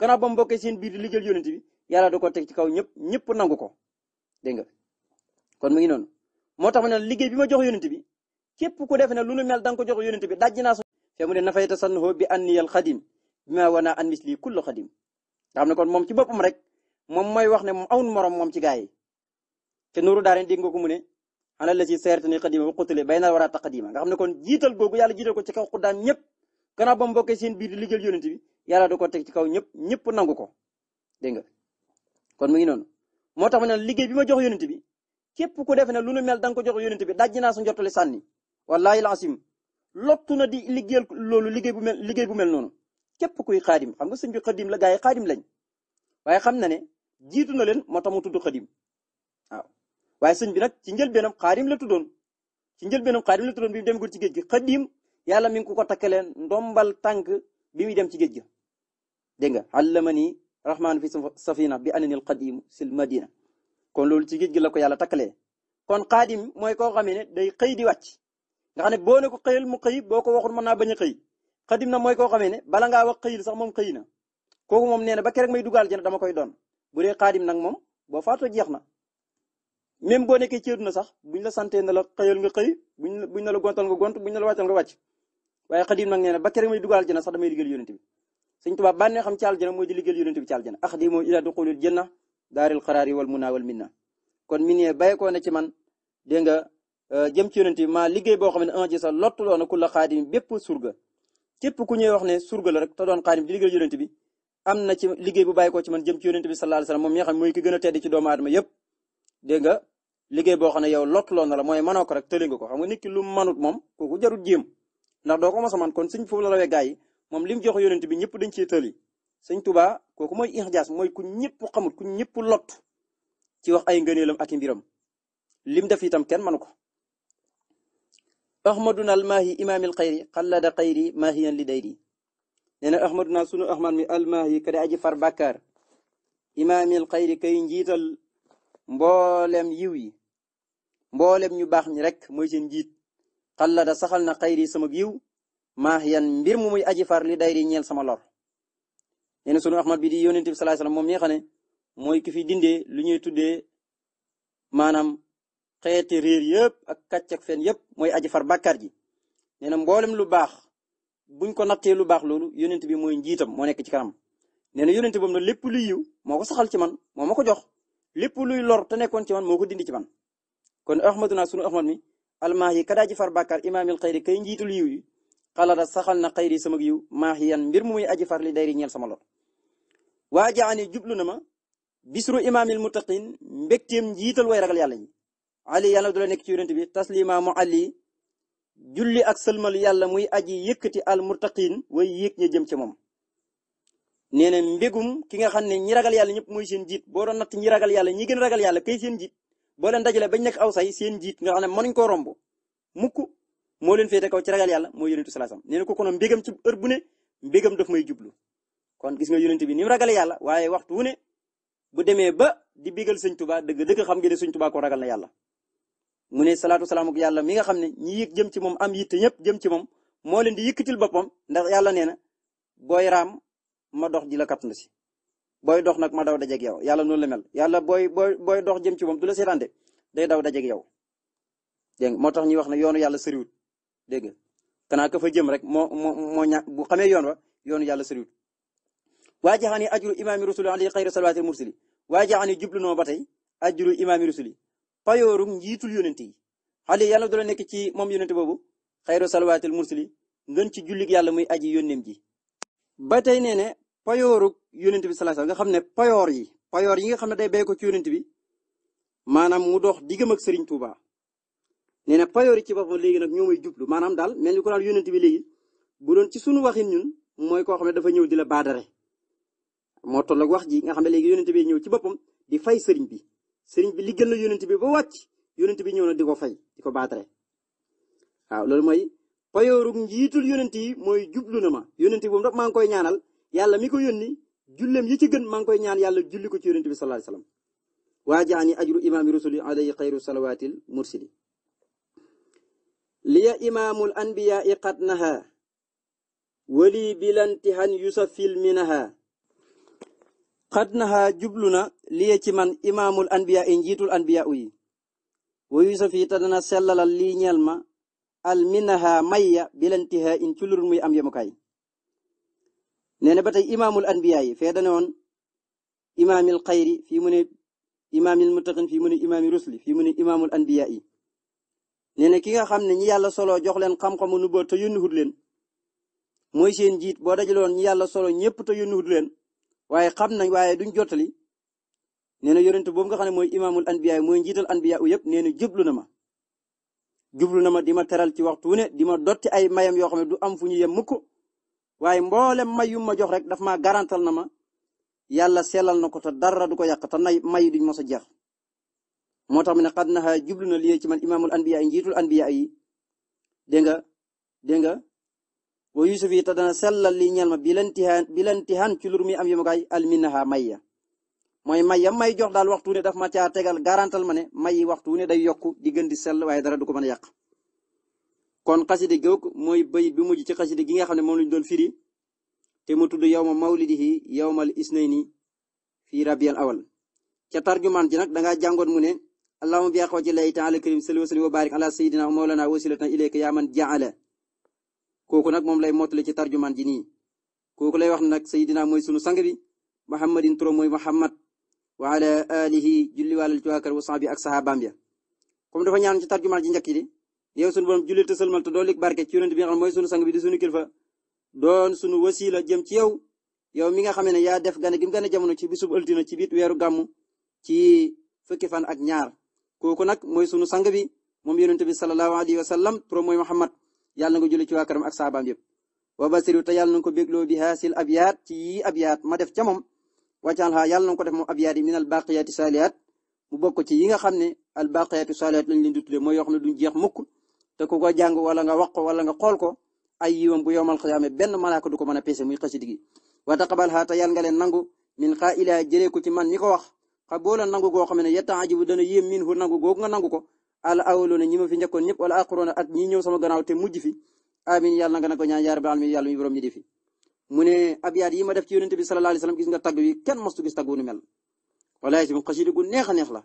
[SPEAKER 2] gannaaw ba mu bokkee seen biir di liggéeyal yonent bi yàlla da teg ci kaw ñëpp ñëpp nangu ko dégg nga kon mu ngi noonu moo tax ma ne liggéey bi ma jox yonent bi képp ku def ne lu nu mel da nga ko jox yonent bi daj naa so fe mu ne nafayta sanho bi anniyal xadim bima wana an misli kullu xadim nga xam ne kon moom ci boppam rek moom mooy wax ne moom awun morom moom ci gaa yi te nuuru daareen dégg nga ko mu ne ana la ci seerte ni xadima wa xutale bay na war a tax xadima nga xam ne kon jiital googu yàlla jiital ko ci kaw xuddaam ñëpp gannaaw ba mu bokkee seen biir di liggéeyal yonent bi yàlla da teg ci kaw ñëpp ñëpp nangu ko dégg nga kon mu ngi noonu moo tax ma ne liggéey bi ma jox yonent bi képp ku def ne lu nu mel da ko jox yonent bi daj naa su le sànni wallaahi laasim lottu na di liggéeyal loolu liggéey bu mel liggéey bu mel noonu képp kuy xaadim xam nga sëñ bi xadim la gaa yi xaadim lañ waaye xam na ne jiitu na leen moo tax mu tudd xadim waaye sëñ bi nag ci njëlbeenam xaadim la tuddoon ci njëlbeenam xaadim la tuddoon bi mu demagul ci géej gi xadim yàlla mi ngi ko ko takkaleen ndombal tànk bi mu dem ci géej gi dégg nga allamani rahmaanu fi safina bi anani alqadim sil madina kon loolu ci géej gi la ko yàlla takkalee kon xaadim mooy koo xamee ne day xëy di wàcc nga xam ne boo ne ko xëyal mu xëy boo ko waxul man naa bañ a xëy xadim na mooy koo xamee ne bala ngaa wax xëyil sax moom xëy na kooku moom nee na ba keroog may dugal jënd dama koy doon bu dee xaadim nag moom boo faatoo jeex na même boo nekkee ci àdduna sax buñ la santee na la xëyal nga xëy buñ la la gontal nga gont buñ la wàccal nga wàcc waaye xadim nag nee na ba kere may dugal aljana sax damay liggéeyal di liggéeyal yonent bi na ci man nga euh, jëm ci yonent bi maa liggéey boo xam ne un ji sa na ku la xaadim bépp surga képp ku ñuy wax ne surga la rek te doon xaadim di liggéeyal yonent bi am na ci liggéey bu bàyyikoo ci man jëm ci yonent bi sallallahu alayhi wasallam moom mooy ki gën a tedd ci doomu aadama yépp liggéey boo xam ne yow lottuloo na mooy mënoo ko rek tëli nga ko xam nga nit ki lu manut moom kooku jarut jéem ndax doo ko mos a kon sëñ foofu la rawee gaay yi moom li mu jox yonent bi ñëpp dañ ciy tëli tuba Tuubaa kooku mooy ixjaas mooy ku ñëpp xamut ku ñëpp lot ci wax ay ngëneelam ak i lim def itam kenn manu ko ahmaduna almaahi imaamil xayri xallada xayri maahiyan li dayri nee na ahmaduna sunu ahmad mi almaahi ka aji far bàkkaar imaamil xayri kay njiital mboolem yiw yi mboolem ñu baax ñi rek mooy seen njiit xallada saxal na xayri sama yiw maax yan mbir mu muy aji far li day di ñeel sama lor nee na sunu ahmad bi di yónent bi salaay salaam moom mi nga ne mooy ki fi dindee lu ñuy tuddee maanaam xeeti réer yëpp ak kàcc fen yëpp mooy aji far bàkkaar ji nee na mboolem lu baax buñ ko nattee lu baax loolu yónent bi mooy njiitam moo nekk ci kanam nee na yónent boobu nag lépp luy yiw moo ko saxal ci man moo ma ko jox lépp luy lor te nekkoon ci man moo ko dindi ci man kon ahmaduna sunu ahmad mi almaax yi kadaa ji far bàkkaar imaamil xayri kay njiitul yiw yi xalada saxal na xayri sama yiw maax yan mbir mu muy aji far li dayri ñeel sama lot waa jaani jublu na ma bisru imaamil muttaqin mbégteem njiital way ragal yàlla ñi ali yàlla du nekk ci yonent bi taslima mu ali julli ak sëlmal yàlla muy aji yëkkati al murtaqin way yéeg ña jëm ci moom nee na mbégum ki nga xam ne ñi ragal yàlla ñëpp mooy seen jiit boo doon natt ñi ragal yàlla ñi gën ragal yàlla kay seen boo leen dajalee bañ nekk aw say seen njiit nga xam ne mënuñ koo romb mukk moo leen te kaw ci ragal yàlla mooy yonentu salaasam nee na ko kono mbégam ci heure bu ne mbégam daf may jublu kon gis nga yonent bi ni ragal yàlla waaye waxtu wu ne bu demee ba di bigal sëñ Tuubaa dëgg dëgg xam nga ne sëñ Tuubaa ko ragal na yàlla mu ne salaatu salaam ak yàlla mi nga xam ne ñi yëg jëm ci moom am yitte ñëpp jëm ci moom moo leen di yëkkatil boppam ndax yàlla nee na booy raam ma dox ji la kattan si booy dox nag ma daw dajeeg yow yàlla noonu la mel yàlla booy booy booy dox jëm ci moom du de day daw dajeeg yow dégg nga moo tax ñuy wax na yoonu yàlla sëriwut dégg nga kanaa ka fa jëm rek moo moo moo ña bu xamee yoon wa yoonu yàlla sëriwut waa jaxani ajru imaami rusuli alayhi xayru salawaatil mursali waa jaxani jublu noo ba tey ajru imaami rusuli payoorum njiitul yonent yi xale yàlla du nekk ci moom yonent boobu xayru salawaatil mursali ngan ci jullig yàlla muy aji yónneem ji ba tey nee yonent bi sallallahu alayhi nga xam ne payoor yi payoor yi nga xam ne day béy ko ci yonent bi maanaam mu dox diggam ak Serigne Touba nee na payoor yi ci boppam léegi nag ñoo may jublu maanaam daal mel ni ko daan yonent bi léegi bu doon ci sunu waxin ñun mooy koo xam ne dafa ñëw di la baadare moo toll wax ji nga xam ne léegi yonent bi ñëw ci boppam di fay sëriñ bi Serigne bi liggéeyal na yonent bi ba wàcc yonent bi ñëw na di ko fay di ko baadare waaw loolu mooy payoorug njiitul yonent yi mooy jublu na ma yonent bi moom maa ngi koy ñaanal yàlla mi ko yónni julleem yi ci gën maa ngi koy ñaan yàlla julli ko ci yonent bi sallallahu alayhi wa sallam ajru imaami rusuli alayhi xayru salawaatil mursili liya imaamul anbiyaai qad naha wali bilantihan yusafil minaha qad naha na liya ci imaamul anbiyaa i njiitul anbiyaa yi wa yusafi te dana sellalal lii ñeel ma al minaha mayya bilantiha in ci muy am yemukaay nee na ba tey imaamul anbiya yi fee dane woon imaamil xayri fii mu ne imaamil muttaqin fii mu ne imaami rusli fii mu ne imaamul anbiya yi na ki nga xam ne ñi yàlla solo jox leen xam-xamu nu boot te yónniwut leen mooy seen jiit boo dajaloon ñi yàlla solo ñëpp te yónniwut leen waaye xam nañ waaye duñ jottali nee na yonent boobu nga xam ne mooy imaamul anbiya mooy njiital anbiya yëpp nee na jublu na ma jublu na ma di ma teral ci waxtu wu ne di ma dotti ay mayam yoo xam ne du am fu ñu yem mukk waaye mboolem may ma jox rek dafa maa garantal na ma yàlla sellal na ko dara du ko yàq te nay may duñ mos a jeex moo tax mu ne xad naxa jublu ci man imaamul anbiya yi njiitul anbiya yi dégg nga dégg nga wa yusuf yi te dana sellal lii ñeel ma bilantihaan bilantihaan ci lur mi am yu ma koy alminaha maya mooy may ya may jox daal waxtu ne dafa ma caa tegal garantal ma ne may yi waxtu ne day yokk di gën di waaye dara du ko mën a yàq kon xasida goog mooy bayit bi mujj ci xasida gi nga xam ne moom lañ doon firi te mu tudd yawma mawlidihi yawmal isnayni fii rabial awal ca tarjumaan ji nag da ngaa mu ne allahumma bi aqwa ci lay ta'ala karim salli wa sallim wa barik ala sayyidina wa mawlana wasilatana ilayka yaa man ja'ala kooku nag moom lay mottali ci tarjumaan ji nii kooku lay wax nag sayyidina mooy sunu sang bi muhammadin turam mooy muhammad wa ala alihi julli wàllal ci waa kër wa sahbi ak sahabaam a comme dafa ñaan ci tarjumaan ji njëkk yi yow sunu borom julli te sëlmal te doolik barke ci yonent bi nga xam mooy sunu sang doon sunu wasila jëm ci yow yow mi nga xam ne yaa def gane gi mu gane jamono ci bisub ëltina ci biit weeru gàmmu ci fukki fan ak ñaar kooku nag mooy sunu sang bi moom yonent bi sallallahu alayhi wa sallam pro mooy Muhammad yàlla na nga julli ci waa këram ak saabaam yëpp. wa basiru te yàlla na ko bégloo bi haasil abyaat ci ma def ca moom wàccal ha na ko def moom abyaat yi min albaqiyaati saalihaat mu bokk yi nga xam ne albaqiyaatu saalihaat lañ leen di tuddee mooy yoo xam jeex mukk te ku ko jàng wala nga wax ko wala nga xool ko ay yiwam bu yowmal xiyaame benn malaaka du ko mën a peese muy xasida gi wa taqabal xaata yàlla nga nangu min xaa ilaa jëlee ci man ñi ko wax xa boo nangu goo xam ne yetta ajibu dana yéem min hu nangu googu nga nangu ko al awaloona ñi ma fi njëkkoon ñëpp wala aqroona at ñi sama gannaaw te mujj fi amin yàlla nga na ko ñaan yaa rabbal alamin mi borom ñi di fi mu ne abyaat def ci yonent bi sallallahu gis nga tagg wi kenn mostu gis tagg wu neex la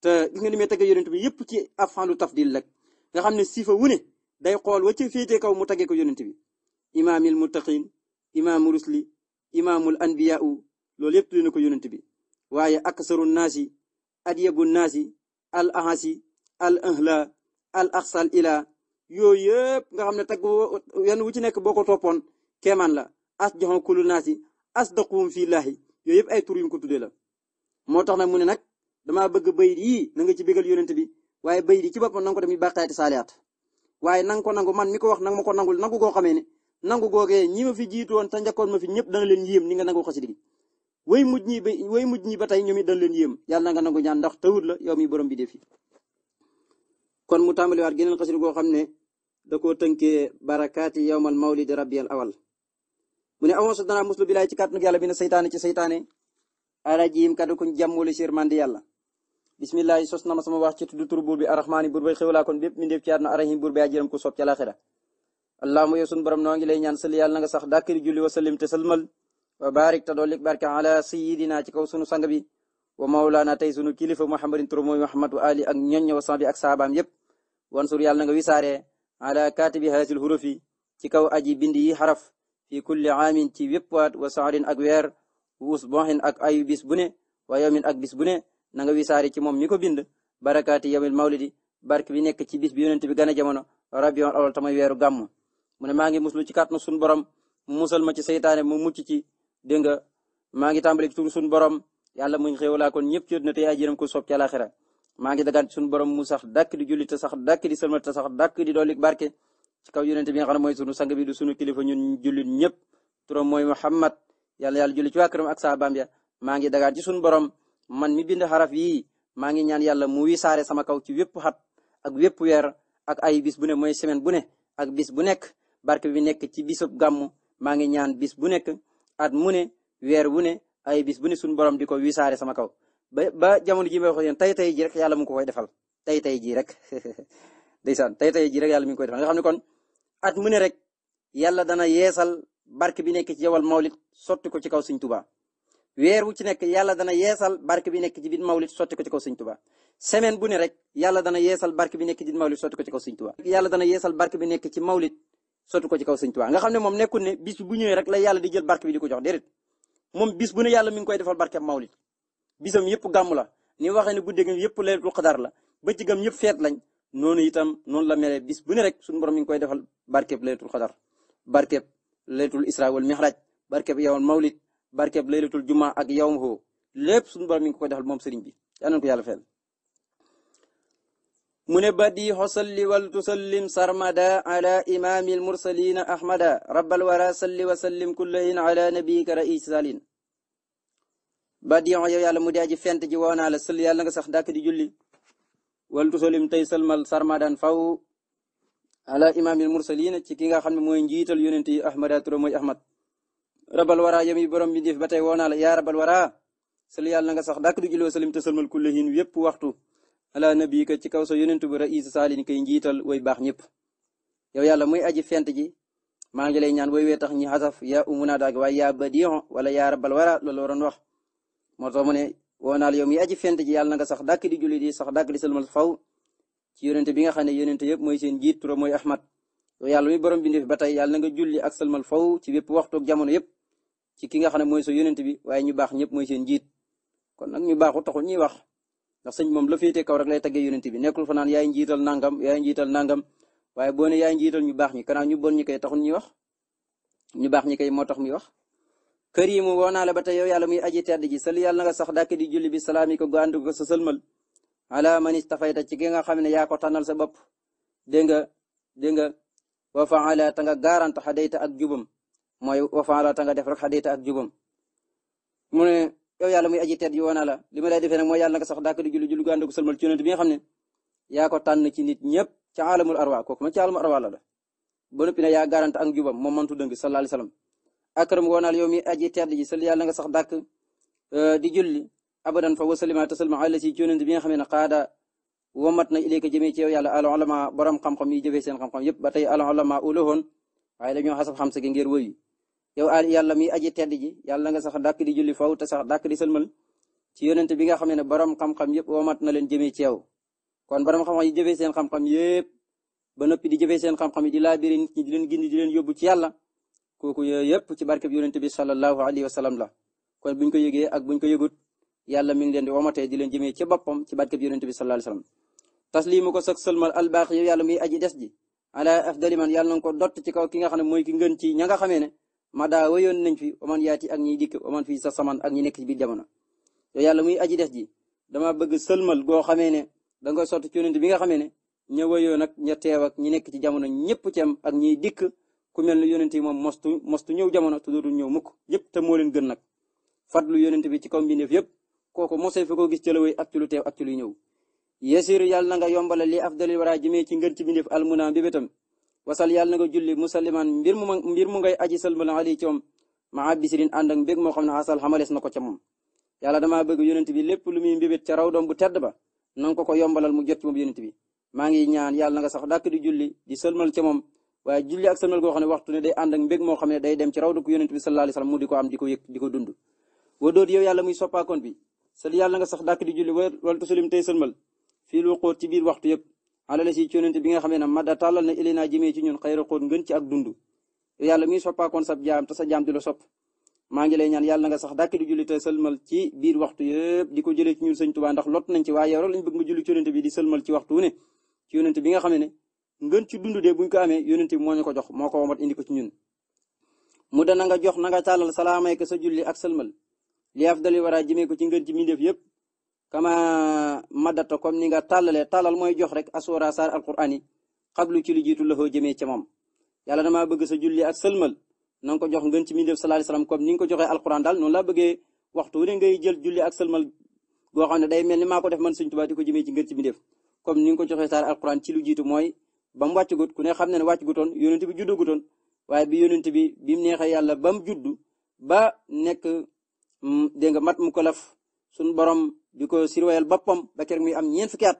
[SPEAKER 2] te gis nga ni may tagg yonent bi yëpp nga xam ne sifa wu day xool wa ca féetee kaw mu tagge ko yonent bi imaamil muttaqin imaamu rusli imaamul anbiyaa'u loolu yëpp tudd na ko yonent bi waaye aksaru naasi adyabu naasi al ahasi al ahla al axsal ila yooyu yëpp nga xam ne tagg yan wu ci nekk boo ko toppoon keemaan la as joxon kulu naasi as daquum fii laahi yooyu yëpp ay tur yu ko la moo tax na mu ne nag damaa bëgg bayit yii na nga ci bégal yonent bi waaye bay di ci boppam na nga ko def mi bàqaati saaliyaat waaye na ko nangu man mi ko wax nag ma ko nangul nangu goo xamee ne nangu googee ñi ma fi jiitu woon te njëkkoon ma fi ñëpp danga leen yéem ni nga nangu xasida gi way mujj ñi ba way mujj ñi ba tey ñoom it danga leen yéem yàlla na nga nangu ñaan ndax tawut la yow mi borom bi def fi kon mu tàmbaliwaat geneen xasida goo xam ne da koo tënkee barakaati yawmal mawlidi rabbil awal mu ne amoon sa danaa muslu bilaay ci kàttanu yàlla bi ne seytaane ci seytaane arajim kaddu kuñ jàmmuli sir mandi yàlla bismillahi sos na ma sama wax ci tudd tur buur bi arrahmaani xewlaa kon bépp mindeef ci àdduna arahim buur bi ajëram ku soob ci alaxira allahuma sun borom noo lay ñaan sëli yàlla na nga sax dàkkari julli wa sallim te salmal wa barik te doolik barke ala sayidina ci kaw sunu sang bi wa mawlaana tey sunu kilifa muhammadin tur mooy muhammad wa ali ak ñoññ wa sahbi ak saabaam yépp wansur yàlla na nga wisaare ala kaatibi haasil hurufi ci kaw aji bindi yi xaraf fi kulli aamin ci wépp waat wa saarin ak bu ne wa yawmin ak bis ne na nga wisaari ci moom mi ko bind barakaati yawmil mawlidi barke bi nekk ci bis bi yonent bi gën a jamono rabiul awwal tamay weeru gàmm mu ne maa ngi muslu ci kàttanu suñu borom mu musal ma ci seytaane mu mucc ci dégg nga maa ngi tàmbali ci tur suñu borom yàlla mu xéewalaa kon ñëpp ci àddina te yaay jërëm ko soob ci àlaxira maa ngi dagaan ci suñu mu sax dàkk di julli sax dàkk di sëlmal te sax dàkk di dolli barke ci kaw yonent bi nga xam ne mooy sunu sang bi du kilifa ñun jullit ñëpp turam mooy Muhammad yàlla yàlla julli ci waa këram ak saabaam ya maa borom man mi bind xaraf yii maa ngi ñaan yàlla mu wi saare sama kaw ci wépp xat ak wépp weer ak ay bis bu ne mooy semaine bu ne ak bis bu nekk barke bi nekk ci bisub gàmmu maa ngi ñaan bis bu nekk at mu ne weer wu ne ay bis bu ne suñu borom di ko wisaare sama kaw ba ba jamono ji may wax yéen tey tey ji rek yàlla mu ngi ko koy defal tey tey ji rek ndeysaan tey tey ji rek yàlla mi ngi koy defal nga xam ne kon at mu ne rek yàlla dana yeesal barke bi nekk ci jawal mawlit sotti ko ci kaw Sëñ Tuubaa weer wu ci nekk yàlla dana yeesal barke bi nekk ci biir mawlid sotti ko ci kaw sëñ Tuubaa semaine rek yàlla dana yeesal barke bi nekk ci biir mawlid sotti ko ci kaw sëñ Tuubaa yàlla dana yeesal barke bi nekk ci mawlid sotti ko nga xam ne moom nekkul ne bis bu ñëwee rek la yàlla di jël barke bi di ko jox déedéet moom bis bu ne yàlla mi ngi koy defal barke mawlid bisam yëpp gàmm la ni waxee ne guddi gi yëpp laylatul qadar la ba ci gam yëpp feet lañ noonu itam noonu la mel bis bu ne rek suñu borom mi ngi koy defal barkeb laylatul qadar barkeb laylatul isra wal mihraj barkeb yawmal mawlid barkeb laylatul juma ak yawmuhu lépp suñu borom mi ngi ko defal moom sëriñ bi yal nañu ko yàlla fayal mu ne badi xosalli wal tusallim sarmada ala imaami almursalina ahmada rabbal wara salli wa sallim kullahin ala nabiyika raisi salin badi yow yàlla mu daaji fent ji woo naa la sëll nga sax dàkk di julli wal tusallim tey salmal sarmadan faw ala imaami almursalina ci ki nga xam ne mooy njiital yonent yi ahmada tura mooy ahmad rabal wara yami borom bi def ba tey woo naa la yaa rabal wara sali yàlla na nga sax dàkk du juloo salim te salmal kulle hin yépp waxtu ala nabi ka ci kaw sa yonentu bi raïs saalin kay njiital way baax ñëpp yow yàlla muy aji fent ji maa ngi lay ñaan way tax ñi xasaf yaa umuna daag waaye yaa badion wala yaa rabal wara loolu waroon wax moo tax mu ne woo naa la yow mi fent ji yàlla na nga sax dàkk di julli di sax dàkk di salmal faw ci yonente bi nga xam ne yonente yëpp mooy seen jiit turam mooy ahmad yow yàlla borom bindéef ba tey yàlla na nga julli ak salmal faw ci bépp waxtu ak jamono yëpp ci ki nga xam ne mooy sa yonent bi waaye ñu baax ñëpp mooy seen njiit kon nag ñu baaxu taxul ñuy wax ndax sëñ moom la féetee kaw rek lay taggee yonent bi nekkul fa naan yaay njiital nangam yaay njiital nangam waaye boo ne yaay njiital ñu baax ñi kanaa ñu bon ñi koy taxul ñuy wax ñu baax ñi koy moo tax muy wax kër yi mu woo naa la ba tey yow yàlla muy aji tedd ji sali yàlla na nga sax dàkk di julli bi salaam yi ko gànd ko sa sëlmal ala man istafayta ci ki nga xam ne yaa ko tànnal sa bopp dégg nga dégg nga wa faala ta nga garant xadayta ak jubam mooy wafaala ta nga def rek xadita ak jubam mu ne yow muy aji tedd yi woona la li ma defee nag mooy yàlla nga sax dàkk di julli julli gu ànd sëlmal ci yonent bi xam ne yaa ko tànn ci nit ñëpp ca alamul arwa kooku ma ci alamul arwa la ba noppi ne yaa garante ak jubam moom mantu dëng sallallahu alayhi wasallam akram woonal yow mi aji yàlla nga sax dàkk euh, di julli abadan fa wasalima tasalma ala si ci yonent bi nga xam ne xaada womat na ilayka jëmee ci yow yàlla al ulama borom xam-xam yi jëfee seen xam-xam yëpp ba tey al ulama ulahoon waaye dañoo xasab xam sa nger ngir wëyu yow al yàlla mi aji tedd ji nga sax dàkk julli faw te sax dàkk di ci yonent bi nga xam ne borom xam-xam yëpp womat na leen jëmee ci kon borom xam-xam yi jëfee seen xam-xam yëpp ba noppi di jëfee seen xam-xam yi di laabiri di leen gindi di leen yóbbu ci yàlla la kon buñ ko yëgee ak buñ ko yëgut yàlla mi ci boppam ci barkeb bi sallallahu alayhi wa taslimu ko sax sëlmal albaax yow yàlla muy aji des ji ala afdali man yàlla na ko dott ci kaw ki nga xam ne mooy ki ngën ci madaa wéyoon nañ fi oman yaati ak ñiy dikk oman fii sa saman ak ñi nekk ci biir jamono yow yàlla muy aji des ji dama bëgg sëlmal goo xamee ne da nga koy ci yonent bi nga xamee ne ña wéyoon ak ña teew ak ñi nekk ci jamono ñëpp cem ak ñiy dikk ku mel ni yonent yi moom mostu mostu ñëw jamono te dootul ñëw mukk yëpp te moo leen gën nag fadlu yonent bi ci kaw mbindeef yëpp kooku mose fi ko gis ci la wéy ak ci lu teew ak ci luy ñëw yasiru yàlla na nga yombale li wara jëmee ci ngën ci mbindeef almuna bi bétam wasal yàlla na nga julli musaliman mbir mu mbir mu ngay aji salmal ali ci moom maa bisirin ànd ak mbég moo xam ne asal xamales na ko ca moom yàlla bëgg yonent bi lépp lu muy mbébét ca raw doom bu tedd ba nanga ko ko yombalal mu jot ci bi maa ngi ñaan yàlla nga sax dàkk di julli di salmal ca moom waaye julli ak salmal goo xam ne waxtu ne day moo xam ne day dem ci raw doom yonent bi sallallahu alayhi mu di ko am di ko yëg di ko dund wa doot yow bi sal yàlla nga sax dàkk di julli wal tusulim tey salmal fii lu xóot biir waxtu yëpp alala si yonent bi nga xamee ne madda tàllal na ilinaa jëmee ci ñun xayra xoon ngën ci ak dund yàlla muy soppaakoon sab jaam te sa jaam di sopp maa ngi lay ñaan yàlla nga sax dàkk di julli te sëlmal ci biir waxtu yëpp di ko jëlee ci ñun sëñ Tuubaa ndax lot nañ ci waaye yow lañ bëgg nga julli ci yonent bi di sëlmal ci waxtu ne ci yonent bi nga xamee ne ngën ci dund dee buñ ko amee yonent bi moo ñu ko jox moo ko womat indi ko ci ñun mu da na nga jox na nga tàllal salaamay ko sa julli ak sëlmal li afdali wara jëmee ko ci ngën ci mbindeef yëpp kama madata comme ni nga tàllalee tàllal mooy jox rek asura saar alquran yi xablu ci lu jiitu loxoo jëmee ca moom yàlla damaa bëgg sa julli ak sëlmal na nga ko jox ngën ci mi def sallallahu alayhi wasallam comme ni nga ko joxee alquran daal noonu laa bëggee waxtu wu jël julli ak sëlmal goo xam ne day mel ni maa ko def man Sëriñ Tuubaa ko jëmee ci ngën ci mi def comme ni nga ko joxee saar alquran ci lu jiitu mooy ba mu wàccugut ku ne xam ne ne wàccugutoon yonent bi juddagutoon waaye bi yonent bi bi mu neexee yàlla ba mu judd ba nekk mm, dégg nga mat mu ko laf suñu borom di ko sirwayal boppam ba keroog am ñeent fukki at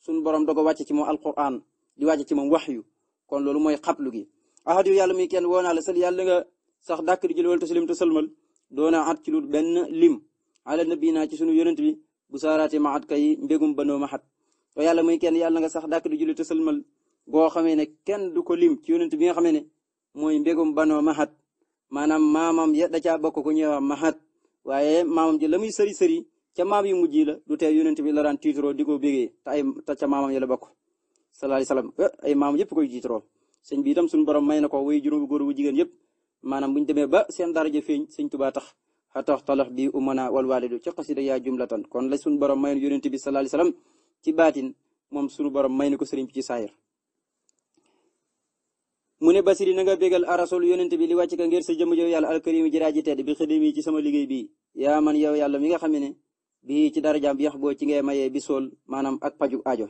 [SPEAKER 2] sunu borom dogo wàcce ci moom alquran di wàcce ci moom waxyu kon loolu mooy xablu gi. ahad yu yàlla muy kenn woo naa la sal yàlla nga sax dàkk di jëlewal taslim te sëlmal doona at ci lu benn lim ala nabi naa ci sunu yonent bi bu saaraate ma at kay mbégum banoo ma xat te yàlla muy kenn yàlla nga sax dàkk di jëlewal te sëlmal goo xamee ne kenn du ko lim ci yonent bi nga xamee ne mooy mbégum banoo ma xat maanaam maamam ya da caa bokk ku ñëwaat ma xat waaye maamam ji la muy sëri sëri ca maam yu mujj la du tee yonent bi la daan tiitaroo di ay te ca maamam ya la bokk sallallahu alayhi wasallam eh, ay maam yëpp koy tiitaroo sëñ bi itam suñu borom may na ko way juróom góor wu jigéen yëpp maanaam bu ñu demee ba seen daraja feeñ sëñ Tuubaa tax xatax talax bi umana wal walidu ci xasida yaa jumlatan kon la suñu borom may na yonent bi sallallahu alayhi wasallam ci baatin moom suñu borom may na ko sëriñ bi ci saayir mu basiri na nga bégal arasul li wàcc ka ngir sa jëmm yow yàlla alkarim ji raaji mi nga xam ne bi ci darajaam bi yax boo ci ngay mayee bi sool maanaam ak paju ajo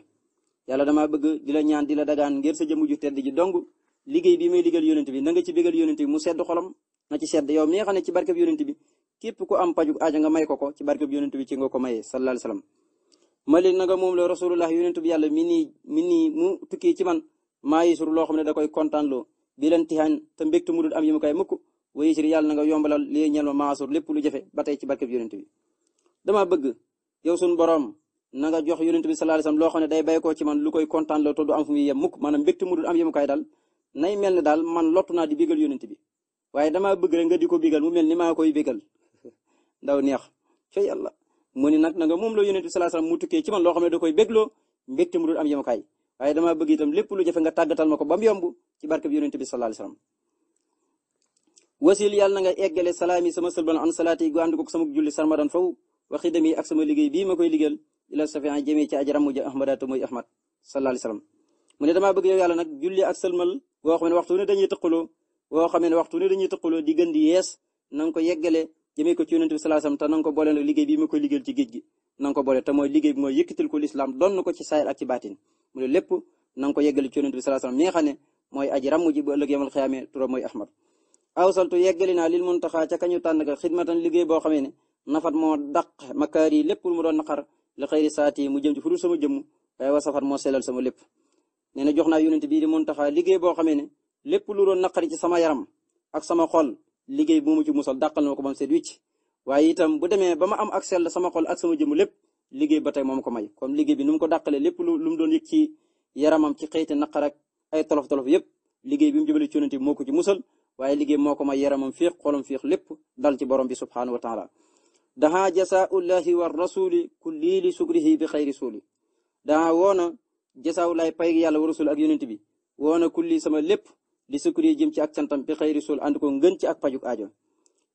[SPEAKER 2] yàlla damaa bëgg di la ñaan di la dagaan ngir sa jëmu ju tedd ji dong liggéey bi may liggéeyal yonent bi na nga ci bégal yonent bi mu sedd xolam na ci sedd yow nga xam ne ci barkeb yonent bi képp ku am paju aajo nga may ko ko ci barkeb yonent bi ci nga ko mayee sallallahu alayhi wasallam malik na nga moom la rasulullah yonent bi yàlla mi nii mi nii mu tukki ci man maa yi sur loo xam ne da koy kontaanloo bi leen tixaan te mbégte mu dul am yi mu koy mukk waye sir yàlla na nga yombalal li ñeel ma lépp lu jafe ba tey ci barkeb yonent bi dama bëgg yow suñu borom na nga jox yonent bi sallallahu alayhi wasallam loo ne day bay koo ci man lu koy kontaan la toddu am fu muy yem mukk maanaam mbégte mu dul am yemukaay daal nay mel ne daal bëgg ko bégal mu mel ni maa koy bégal ndaw neex na nga moom la yonent bi sallallahu alayhi wasallam mu tukkee ci ne da koy bégloo mbégte mu dul am yemukaay waaye damaa bëgg itam lépp lu jafe nga tàggatal ma ko ba mu yomb ci barke bi yonent bi sallallahu alayhi wasallam wasil yàlla na nga eggale salaami sama sëlban an salaati gu ànd ko sama julli sarmadan faw waxi dem yi ak sama liggéey bii ma koy liggéeyal ila safian jëmee ci aji ramu ja ahmadaata mooy ahmad sallallahu alayhi wasallam mu ne damaa bëgg nag julli ak sëlmal woo xam ne waxtu ne dañuy yees na nga ko ci yonent bi sallallahu alayhi wasallam te na liggéey bii ma koy liggéeyal ci géej gi na nga ko liggéey bi mooy ko lislaam doon ko ci saayir ak ci baatin mu ne lépp na ci yonent bi sallallahu alayhi wasallam mi nga nafat moo daq makaar yi lépp lu mu doon naqar la xëyri saati mu jëm ci fudul sama jëmm waaye wa safat moo sellal sama lépp nee na jox naa yonent bii di muntaxa liggéey boo xamee ne lépp lu doon naqari ci sama yaram ak sama xol liggéey bu mu ci musal dàqal na ko ba seet wicc waaye itam bu demee ba ma am ak sell sama xol ak sama jëmm lépp liggéey ba tey moom ko may comme liggéey bi nu mu ko dàqalee lépp lu lu mu doon yëg ci yaramam ci xëyti naqar ak ay tolof-tolof yëpp liggéey bi mu jëmale ci yonent bi moo ko ci musal waaye liggéey moo ko may yaramam féex xolam féex lépp dal ci borom bi subhaanahu wa taala daxa jasaullahi wa rasuli kulli li sukrihi bi xayri suuli daxa woona jasaawulaay pay yàlla wa rasul ak yonent bi woona kulli sama lépp li sukri jëm ci ak santam bi xayri suul ànd ko ngën ci ak pajuk aajo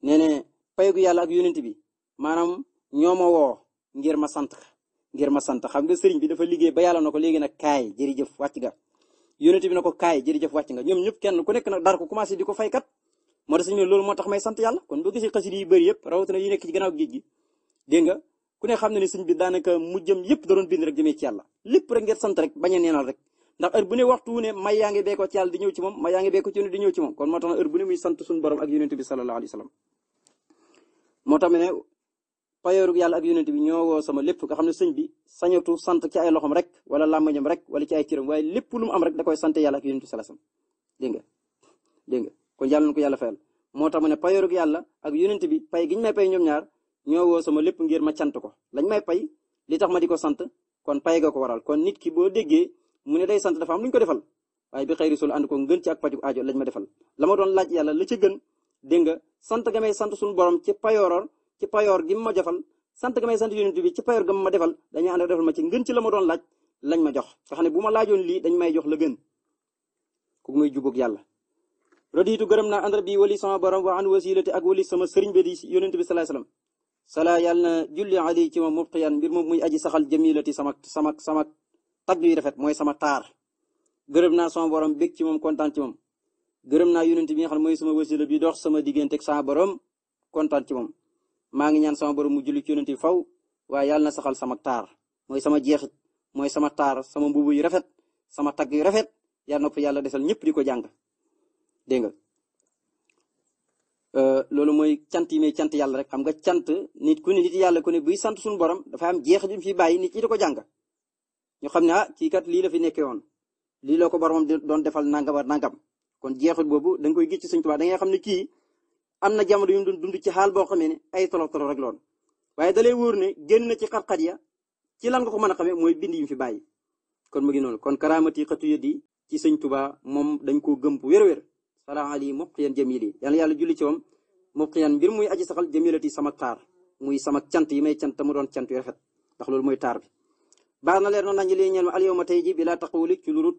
[SPEAKER 2] nee ne paygu yàlla ak yonent bi maanaam ñoo ma woo ngir ma sant ngir ma sant xam nga sëriñ bi dafa liggéey ba yàlla na ko léegi nag kaay jërëjëf wàcc nga yonent bi na ko kaay jërëjëf wàcc nga ñoom ñëpp kenn ku nekk na dar ko commencé di ko faykat moo tax suñu loolu moo tax may sant yàlla kon boo gisee xasida yu bëri yëpp rawatina yi nekk ci gannaaw gi dégg nga ku ne xam na ne suñ bi daanaka mujjam yëpp da doon bind rek jëmee ci yàlla lépp rek ngeen sant rek bañ a neenal rek ndax heure bu ne waxtu ne may yaa ngi beekoo ci yàlla di ñëw ci moom may yaa ci yone di ñëw ci moom kon moo tax heure bu ne muy sant suñu borom ak yonent bi sallallahu alayhi wa sallam moo tax mu ne yàlla ak yonent bi ñoo woo sama lépp nga xam ne sëñ bi sañatu sant ci ay loxam rek wala làmmañam rek wala ci ay cëram waaye lépp lu mu am rek da koy sant yàlla ak yonent bi sallallahu alayhi dégg nga dégg kon yàlla ko yàlla fayal moo tax mu ne payoorug yàlla ak yonent bi pay gi ñu may pay ñoom ñaar ñoo woo sama lépp ngir ma cant ko lañ may pay li tax ma di ko sant kon pay ga ko waral kon nit ki boo déggee mu ne day sant dafa am lu ko defal waaye bi xëyri sul ànd ko ngën ci ak paju aajo lañ ma defal lama doon laaj yàlla la ca gën dégg nga sant ga may sant suñu borom ci payoor ci payoor gi ma defal sant ga may sant yonent bi ci payoor ga ma defal dañuy ànd defal ma ci ngën ci la ma doon laaj lañ ma jox nga xam ma laajoon lii dañ may jox la gën muy jubóog yàlla radiitu gërëm naa andra bi wali sama borom wa an wasilati ak wali sama sëriñ bi di yonent bi salaay salaam salaa yàlla na julli ali ci ma mubtiyan mbir moom muy aji saxal jamilati sama sama sama tab bi rafet mooy sama taar gërëm naa sama borom bég ci moom kontaan ci moom gërëm naa yonent bi nga xam mooy sama wasila bi dox sama digganteeg sama borom kontaan ci moom maa ngi ñaan sama borom mu julli ci faw waaye yàlla na saxal sama taar mooy sama jeexit mooy sama taar sama mbubu yu rafet sama tagg yu rafet yàlla na ko yàlla desal ñëpp di ko jàng dégg nga euh, loolu mooy cant yi may cant yàlla rek xam nga cant nit ku ne nit yàlla ku ne buy sant suñu borom dafa am jeex ju fi bàyyi nit ñi di ko jàng ñu xam ne ah kii kat lii la fi nekkee woon lii la ko boromam doon defal nangam ak nangam kon jeexul boobu da koy gis ci Sëñ Tuubaa da ngay xam ne kii am na jamono yu mu doon dund ci xaal boo xamee ne ay tolo tolo rek loon waaye da lay wóor ne génn na ci xat-xat ya ci lan nga ko mën a xamee mooy bind yu fi bàyyi kon mu ngi noonu kon karaamati xatu ci Sëñ moom dañ koo gëm bu wér sala ali mubqiyan jamili yàlla yàlla julli ci moom mubqiyan mbir muy aji saxal jamilati sama taar muy sama cant yi may cant mu doon cant yu rafet ndax loolu mooy taar bi baax na leer noonu nañu li ñeel ma al yawma tey ji bi laa taqawuli ci duut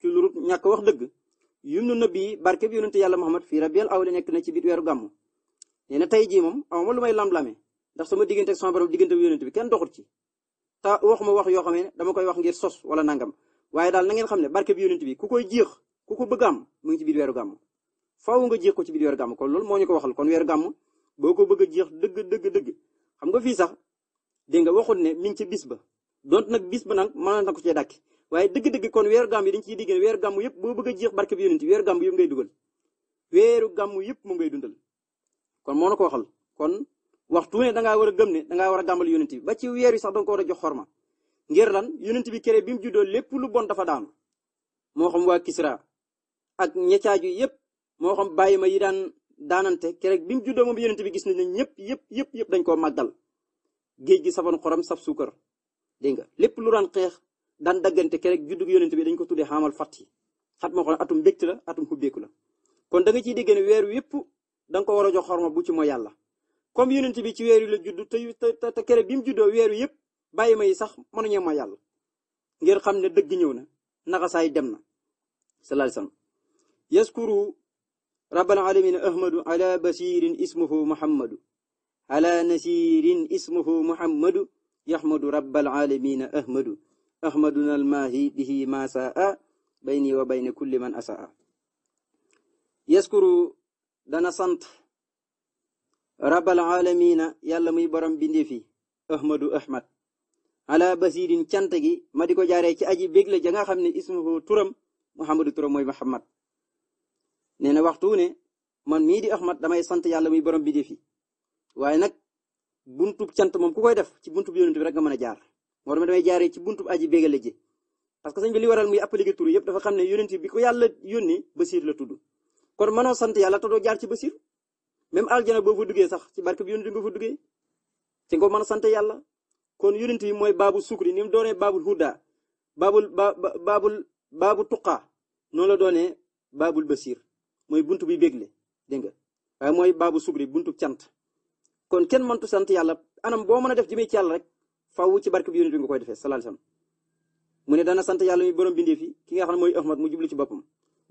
[SPEAKER 2] ci lurut ñàkk wax dëgg yum nu nabi barke bi yonente yàlla Muhammad fii rabiul awwal nekk na ci biir weeru gàmmu nee na ji jii moom awma lu may lam-lame ndax sama diggante ak sama borom diggante bi bi kenn doxut ci te waxuma wax yoo xam ne dama koy wax ngir sos wala nangam waaye daal na ngeen xam ne barke bi bi ku koy jiix ku ko bëgg am mu ngi ci biir weeru gàmm faaw nga jeex ko ci biir weeru gàmm kon loolu moo ñu ko waxal kon weeru gàmm boo ko bëgg a jeex dëgg dëgg dëgg xam nga fii sax dégg nga waxut ne mi ngi ci bis ba donte nag bis ba nag mën na ko cee dakk waaye dëgg-dëgg kon weeru gam yi dañ ciy digg ne gàmm yëpp boo bëgg a jeex barke bi yonent weeru gàmm ngay dugal weeru gàmm yëpp mu ngay dundal kon moo na ko waxal kon waxtu ne dangaa war a gëm ne dangaa war a gàmmal yonent ba ci weer sax danga ko war a jox xorma ngir lan yonent bi kere bi mu juddoo lépp lu bon dafa daanu moo xam waa Kisra ak ñecaaju yëpp moo xam bàyyi ma yi daan daanante kere bi mu juddoo moom yonent bi gis nañ ñëpp yëpp yëpp yëpp dañ koo màggal géej gi safoon xorom saf suukar dégg nga lépp lu daan xeex daan daggante keroog juddug yonent bi dañ ko tuddee xamal fat yi xat moo xam ne atum mbégte la atum xubbeeku la kon da nga ciy dégg ne weer yëpp da ko war a jox xorma bu ci mooy yàlla comme yonent bi ci weer la judd te te te keroog bi mu juddoo weer yëpp bàyyi ma yi sax mënuñu mooy yàlla ngir xam ne dëgg ñëw na naxasaay dem na sallallahu alayhi يذكر رب العالمين أحمد على بشير اسمه محمد على نسير اسمه محمد يحمد رب العالمين أحمد أحمدنا الماهي به ما ساء بيني وبين كل من أساء يذكر دنا سنت رب العالمين يلا مي برم بندي في أحمد أحمد ala basirin cant gi ma di ko jaaree ci aji bég la ja nga xam ne ismuhu turam muhammadu turam mooy muhammad nee na waxtu ne man mii di Ahmad damay sant yàlla muy borom bi di fi waaye nag buntub cant moom ku koy def ci buntu yonent bi rek nga mën jaar moo tax damay jaaree ci buntub aji bégale ji parce que sëñ bi li waral muy appliqué tur yëpp dafa xam ne yonent bi ko yàlla yónni Basiir la tudd kon mënoo sant yàlla te doo jaar ci Basiir même aljana boo fa duggee sax ci barke bi yonent bi nga fa duggee mën a sant yàlla kon yonent bi mooy baabu sukri ni mu doonee baabul huda baabul ba baabul baabu tuqa noonu la doonee baabul Basiir mooy bunt bi bégle dégg nga waaye mooy baabu sugri buntu cant kon kenn mëntu sant yàlla anam boo mën a def jëmee ci yàlla rek faaw ci barke bi yonent bi nga koy defee sallallahu alayhi wasallam mu ne dana sant yàlla mi borom bindee fi ki nga xam ne mooy Ahmad mu jublu ci boppam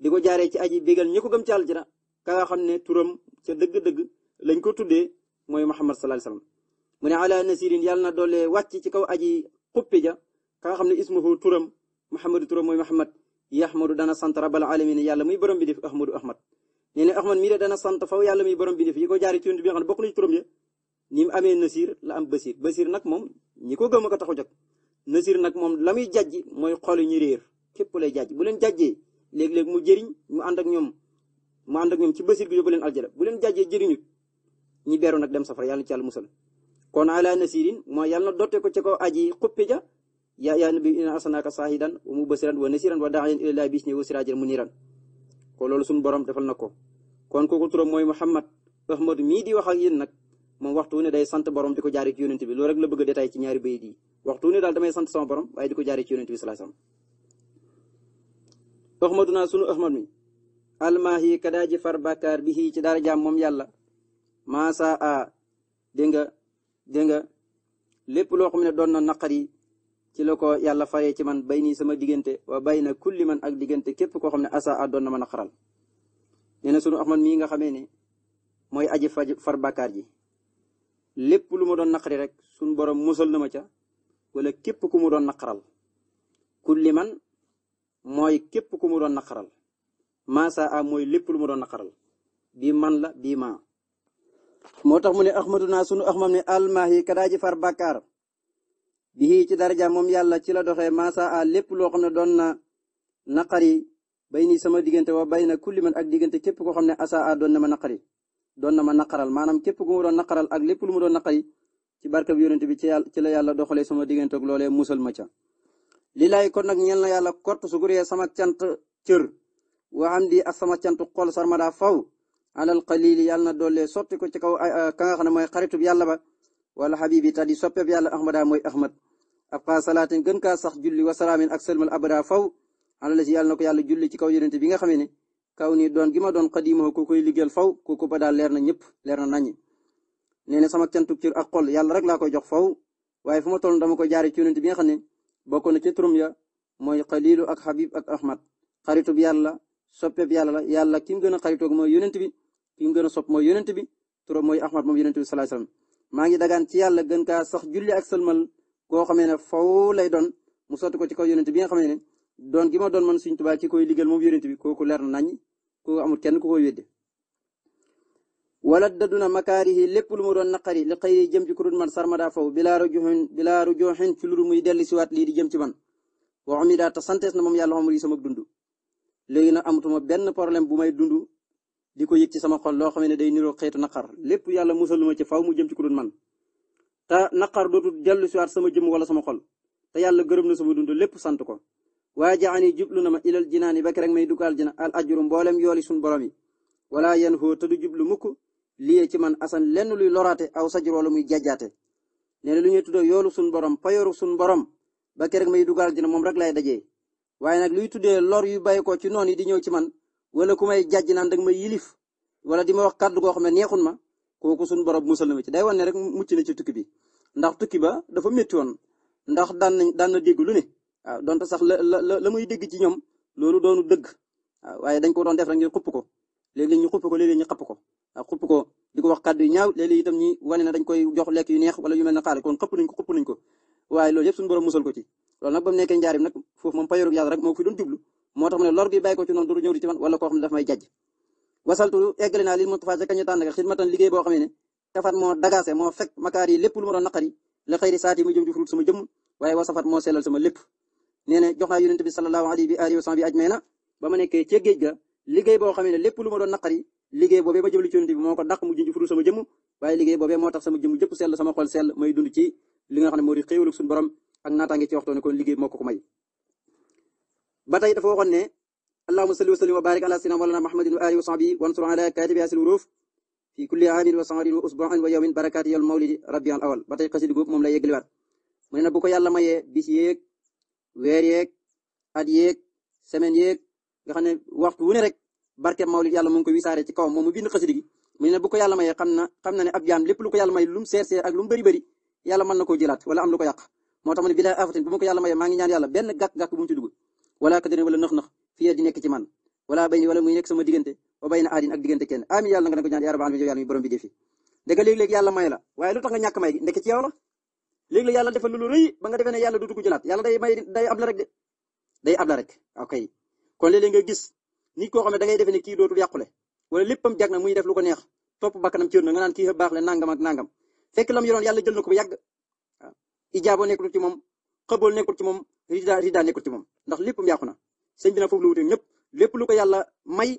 [SPEAKER 2] di ko jaaree ci aji bégal ñi ko gëm ci aljana ka nga xam ne turam ca dëgg-dëgg lañ ko tuddee mooy Muhammad sallallahu alayhi wasallam mu ne ala nasirin yàlla na doole wàcc ci kaw aji xuppe ja ka xam ne ismuhu turam Muhammadu turam mooy Muhammad yaxmadu dana sant rabal alamin yàlla muy borom bi def ahmadu ahmad nee na ahmad mii de dana sant faw yàlla muy borom bi def yi ko jaari ci yonent bi nga xam bokk na ci turam ya mu amee moom ñi ko gëm a ko a jóg nasir nag moom la muy jàjj mooy xool ñu réer képp lay jàjj bu leen jàjjee léeg-léeg mu jëriñ mu ànd ak ñoom mu ànd ak ñoom ci basir gi yóbbu leen aljana bu leen jàjjee jëriñut ñi beeru nag dem safara yàlla na ci yàlla musal kon ala nasirin mooy yàlla dotte ko ca ko aji xuppe ja yaa yaa nabi inna arsalnaaka shaahidan wa mubashiran wa nasiran wa daa'iyan ilallaahi bi isnihi wa siraajan muniiran ko loolu suñu borom defal na ko kon kooku turam mooy Muhammad Ahmad mii di wax ak yéen nag moom waxtu ne day sant borom di ko jaaree ci yonent bi loolu rek la bëgg a détaillé ci ñaari bayit yi waxtu ne daal damay sant sama borom waaye di ko jaaree ci yonent bi salaasam Ahmaduna sunu Ahmad mi almaahi kadaaji far bàkkaar bi ci dara jaam moom yàlla maasaa a dégg nga loo xam ne doon na naqari ci la ko yàlla faree ci man bay nii sama diggante wa bay na kulli man ak diggante képp koo xam ne asa a doon na mën a xaral nee na sunu Axmad mii nga xamee ne mooy aji faj far bàkkaar ji lépp lu ma doon naqari rek sunu borom musal na ma ca wala képp ku mu doon naqaral kulli man mooy képp ku mu doon naqaral maasa a mooy lépp lu mu doon naqaral bii man la bii maa moo tax mu ne Axmadu naa sunu Axmad ne almaahi kadaaji far bàkkaar bi ci daraja moom yàlla ci la doxee maasa a lépp loo xam ne doon na naqari bay nii sama diggante wa bay na kulli man ak diggante képp koo xam ne asa a doon na ma naqari doon na ma naqaral maanaam képp ko mu doon naqaral ak lépp lu mu doon naqari ci barke bi yonent bi ci yàlla ci la yàlla doxalee sama diggante ak musal ma ca li laay kon nag ñeel na yàlla kort su guree sama cant cër waxam di ak sama cant xol sarmada faw alal qalili yàlla na doole sotti ko ci kaw ka nga xam ne mooy yàlla ba wala xabibi ta di soppeeb yàlla ahmada mooy ahmad abqa salaatin gën kaa sax julli wa salaamin ak sëlmal abada faw alala si yàlla na ko yàlla julli ci kaw yonente bi nga xamee ne kaw nii doon gi ma doon xadiimoo ku koy liggéeyal faw ko ba daal leer na ñëpp leer na naññi nee na sama cantuk cër ak xol yàlla rek laa koy jox faw waaye fu ma toll dama ko jaare ci yonente bi nga xam ne bokk na ca turam ya mooy xalilu ak xabib ak ahmad xaritu bi yàlla soppeeb yàlla la yàlla ki mu gën a xaritoog mooy yonente gën a sopp mooy yonente bi turam mooy ahmad moom yonente bi salaay maa ngi dagaan ci yàlla gën kaa sax julli ak sëlmal koo xamee ne faw lay doon mu sotti ko ci kaw yonent bi nga xamee ne don gi ma doon man suñ tubaab ci koy liggéeyal moom yonent bi kooku leer na nañ ko amul kenn ku koy wedde wala daduna makaarihi lépp lu mu doon naqari li xëy jëm ci kurut man sarmada faw bilaa rujuxin bilaa rujuxin ci lu muy dellu siwaat lii di jëm ci man waxumi daa ta santees na moom yàlla xamul yi sama dund léegi nag amatuma benn problème bu may dund di ko yëg ci sama xol loo xam ne day niroo xeetu naqar lépp yàlla musal ma ci faw mu jëm ci ku dul man te naqar dootul dellu siwaat sama jëm wala sama xol te yàlla gërëm na sama dund lépp sant ko waa jaani lu na ma ilal jinaani ba rek may dugal jina al ajru mboolem yooli suñ borom yi wala yan hoo te du jublu mukk lii ci man asan lenn luy loraate aw sajur wala muy jajjaate nee na lu ñuy tuddee yoolu suñ borom payoru suñ borom ba rek may dugal jina moom rek lay dajee wala ku may jàjj naan dag ma yilif wala di ma wax kàddu goo xam ne neexun ma kooku suñu borom musal na ma ci day wane rek mucc na ci tukki bi ndax tukki ba dafa métti woon ndax daan nañ daan na dégg lu ne waaw donte sax la la la muy dégg ci ñoom loolu doonu dëgg waaw waaye dañ ko doon def rek ngir xupp ko léeg-léeg ñu ko léeg-léeg ñu xapp ko waaw xupp ko di ko wax kàddu yu ñaaw itam ñi wane dañ koy jox lekk yu neex wala yu mel ne xaar kon ko xupp nañ ko waaye loolu yëpp suñu borom musal ko ci rek moo ko fi doon moo tax mu ne lor gi bàyyi ko ci noonu du ñëw di ci man wala koo xam ne daf may jajj wasaltu eggale naa lil boo xam ne tafat moo dagaase moo fekk makaar yi ma doon naqari la xëyri saati mu jëm moo sellal sama lépp nee na jox naa yonent bi sallallahu alayhi wa alihi ba ma nekkee ca géej ga liggéey boo xam ne lépp lu ma doon naqari liggéey boobee ma jëmli ci moo ko dàq mu jëm ci sama jëmm waaye liggéey boobee moo tax sama jëmm jëpp sell sama xol sell may dund ba tey dafa waxoon ne allahumma salli wa sallim muhammadin wa alihi wa sahbihi wa ansur ala katibi wa sahrin wa wa yawmin barakati yawm mawlidi rabbi al awal ba tey xasida googu moom lay yëgaliwaat mu ne na bu ko yàlla mayee bis yeeg weer yeeg at yeeg semaine yeeg nga xam ne waxtu wu rek barke mawlid yàlla mu ngi koy wisaare ci kawam moom mu bind xasida gi mu ne bu ko yàlla mayee xam na xam na ne ab jaam lépp lu ko yàlla may lu mu seer seer ak lu mu bëri bëri yàlla na koo jëlaat wala am lu ko moo tax mu ne bilaa afatin wala kadrin wala nax nax fii di nekk ci man wala bay wala muy nekk sama diggante wa bay na aadin ak diggante kenn amin yàlla nga ko ñaan yaa rabbal alamin yàlla mi borom yàlla may la waaye lu tax nga may gi ndekk ci yow la léeg ba nga defee ne yàlla du dugg jëlaat yàlla day may day abla rek de day abla ok kon léeg nga gis nit koo xam ne da ngay ne kii dootul yàqule wala léppam jag na muy def lu ko neex topp bakkanam ci na nga naan kii baax la nangam ak nangam fekk lam yoroon yàlla jël ko ba yàgg ijaabo nekkul ci moom xëbool nekkul ci moom rida rida nekkul ci moom ndax lépp mu yàqu na sëñ bi nag foofu lu wute lépp lu ko yàlla may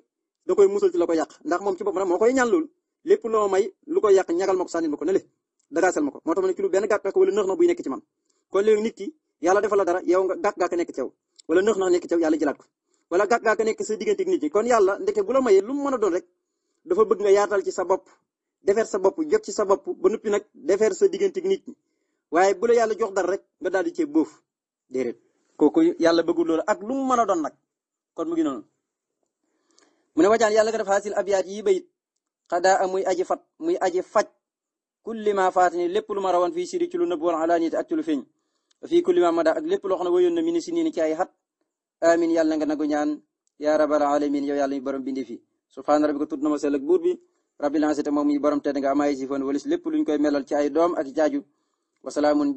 [SPEAKER 2] da koy musal ci la ko yàq ndax moom ci boppam moo koy ñaan loolu lépp loo may lu koy yàq ñagal ma ko sànnil ma ko ne le dagaasal ma ko moo tax ne ci lu benn gàkk-gàkk wala nëx na buy nekk ci man kon léegi nit ki yàlla defal la dara yow nga gàkk-gàkk nekk ci yow wala nëx na nekk ci yow yàlla jëlaat ko wala gàkk-gàkk nekk sa diggante ak nit ñi kon yàlla ndeke bu la mayee lu mu mën a doon rek dafa bëgg nga yaatal ci sa bopp defar sa bopp jot ci sa bopp ba noppi nag defar sa diggante nit waaye bu la yàlla jox dara rek nga daal di cee bóof déedéet kooku yàlla bëggul loolu ak lu mu mën a doon nag kon mu ngi noonu mu ne wajaan yàlla nga def xaasil abiyaat yi bayit xadaa muy aji fat muy aji faj kulli ma faatani lépp lu ma rawoon fii siri ci lu nëbb ak ci lu feeñ fii kulli ma mada ak amin yàlla nga nagu ñaan yaa alamin yow yàlla mi borom bindi subhaana rabbika tudd na ma sell ak buur bi rabbil izzati moom mi borom tedd nga amaay si foon walis lépp luñ koy melal doom ak jaaju wasalaamun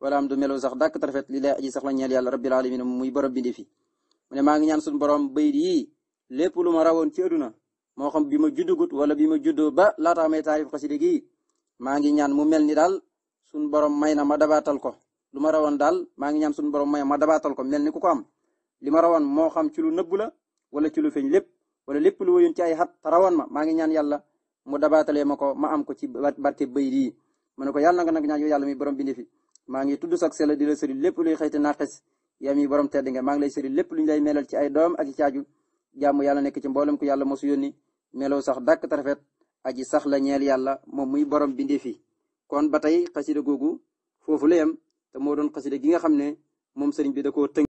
[SPEAKER 2] waraam du melo sax dàkk tarafet li lay aji sax la ñeel yàlla rabbil alamin muy borom bindi fi mu ne maa ngi ñaan suñu borom bayit yi lépp lu ma rawoon ci aduna moo xam bi ma juddugut wala bi ma juddoo ba laataa may taarif xasida gi maa ngi ñaan mu mel ni daal suñu borom may na ma dabaatal ko lu ma rawoon daal maa ngi ñaan suñu borom may ma dabaatal ko mel ni ku ko am li ma rawoon moo xam ci lu nëbbu la wala ci lu feeñ lépp wala lépp lu woyoon ci ay xat rawoon ma maa ngi ñaan yàlla mu dabaatalee ma ko ma am ko ci barke bayit yi ma ne ko yàlla nga nag ñaan yow yàlla mi borom bindi fi maa ngi tudd sax sela di la sori lépp luy xëyti naqis yaa mi borom tedd nga maa ngi lay sori lépp luñ lay melal ci doom ak i caaju jàmm yàlla ci mboolem ku yàlla mosu yónni meloo sax dàkk tarafet aji sax la ñeel yàlla moom muy borom bindee fi kon ba tey xasida googu foofu la yem te moo doon xasida gi nga xam ne moom sëriñ bi da koo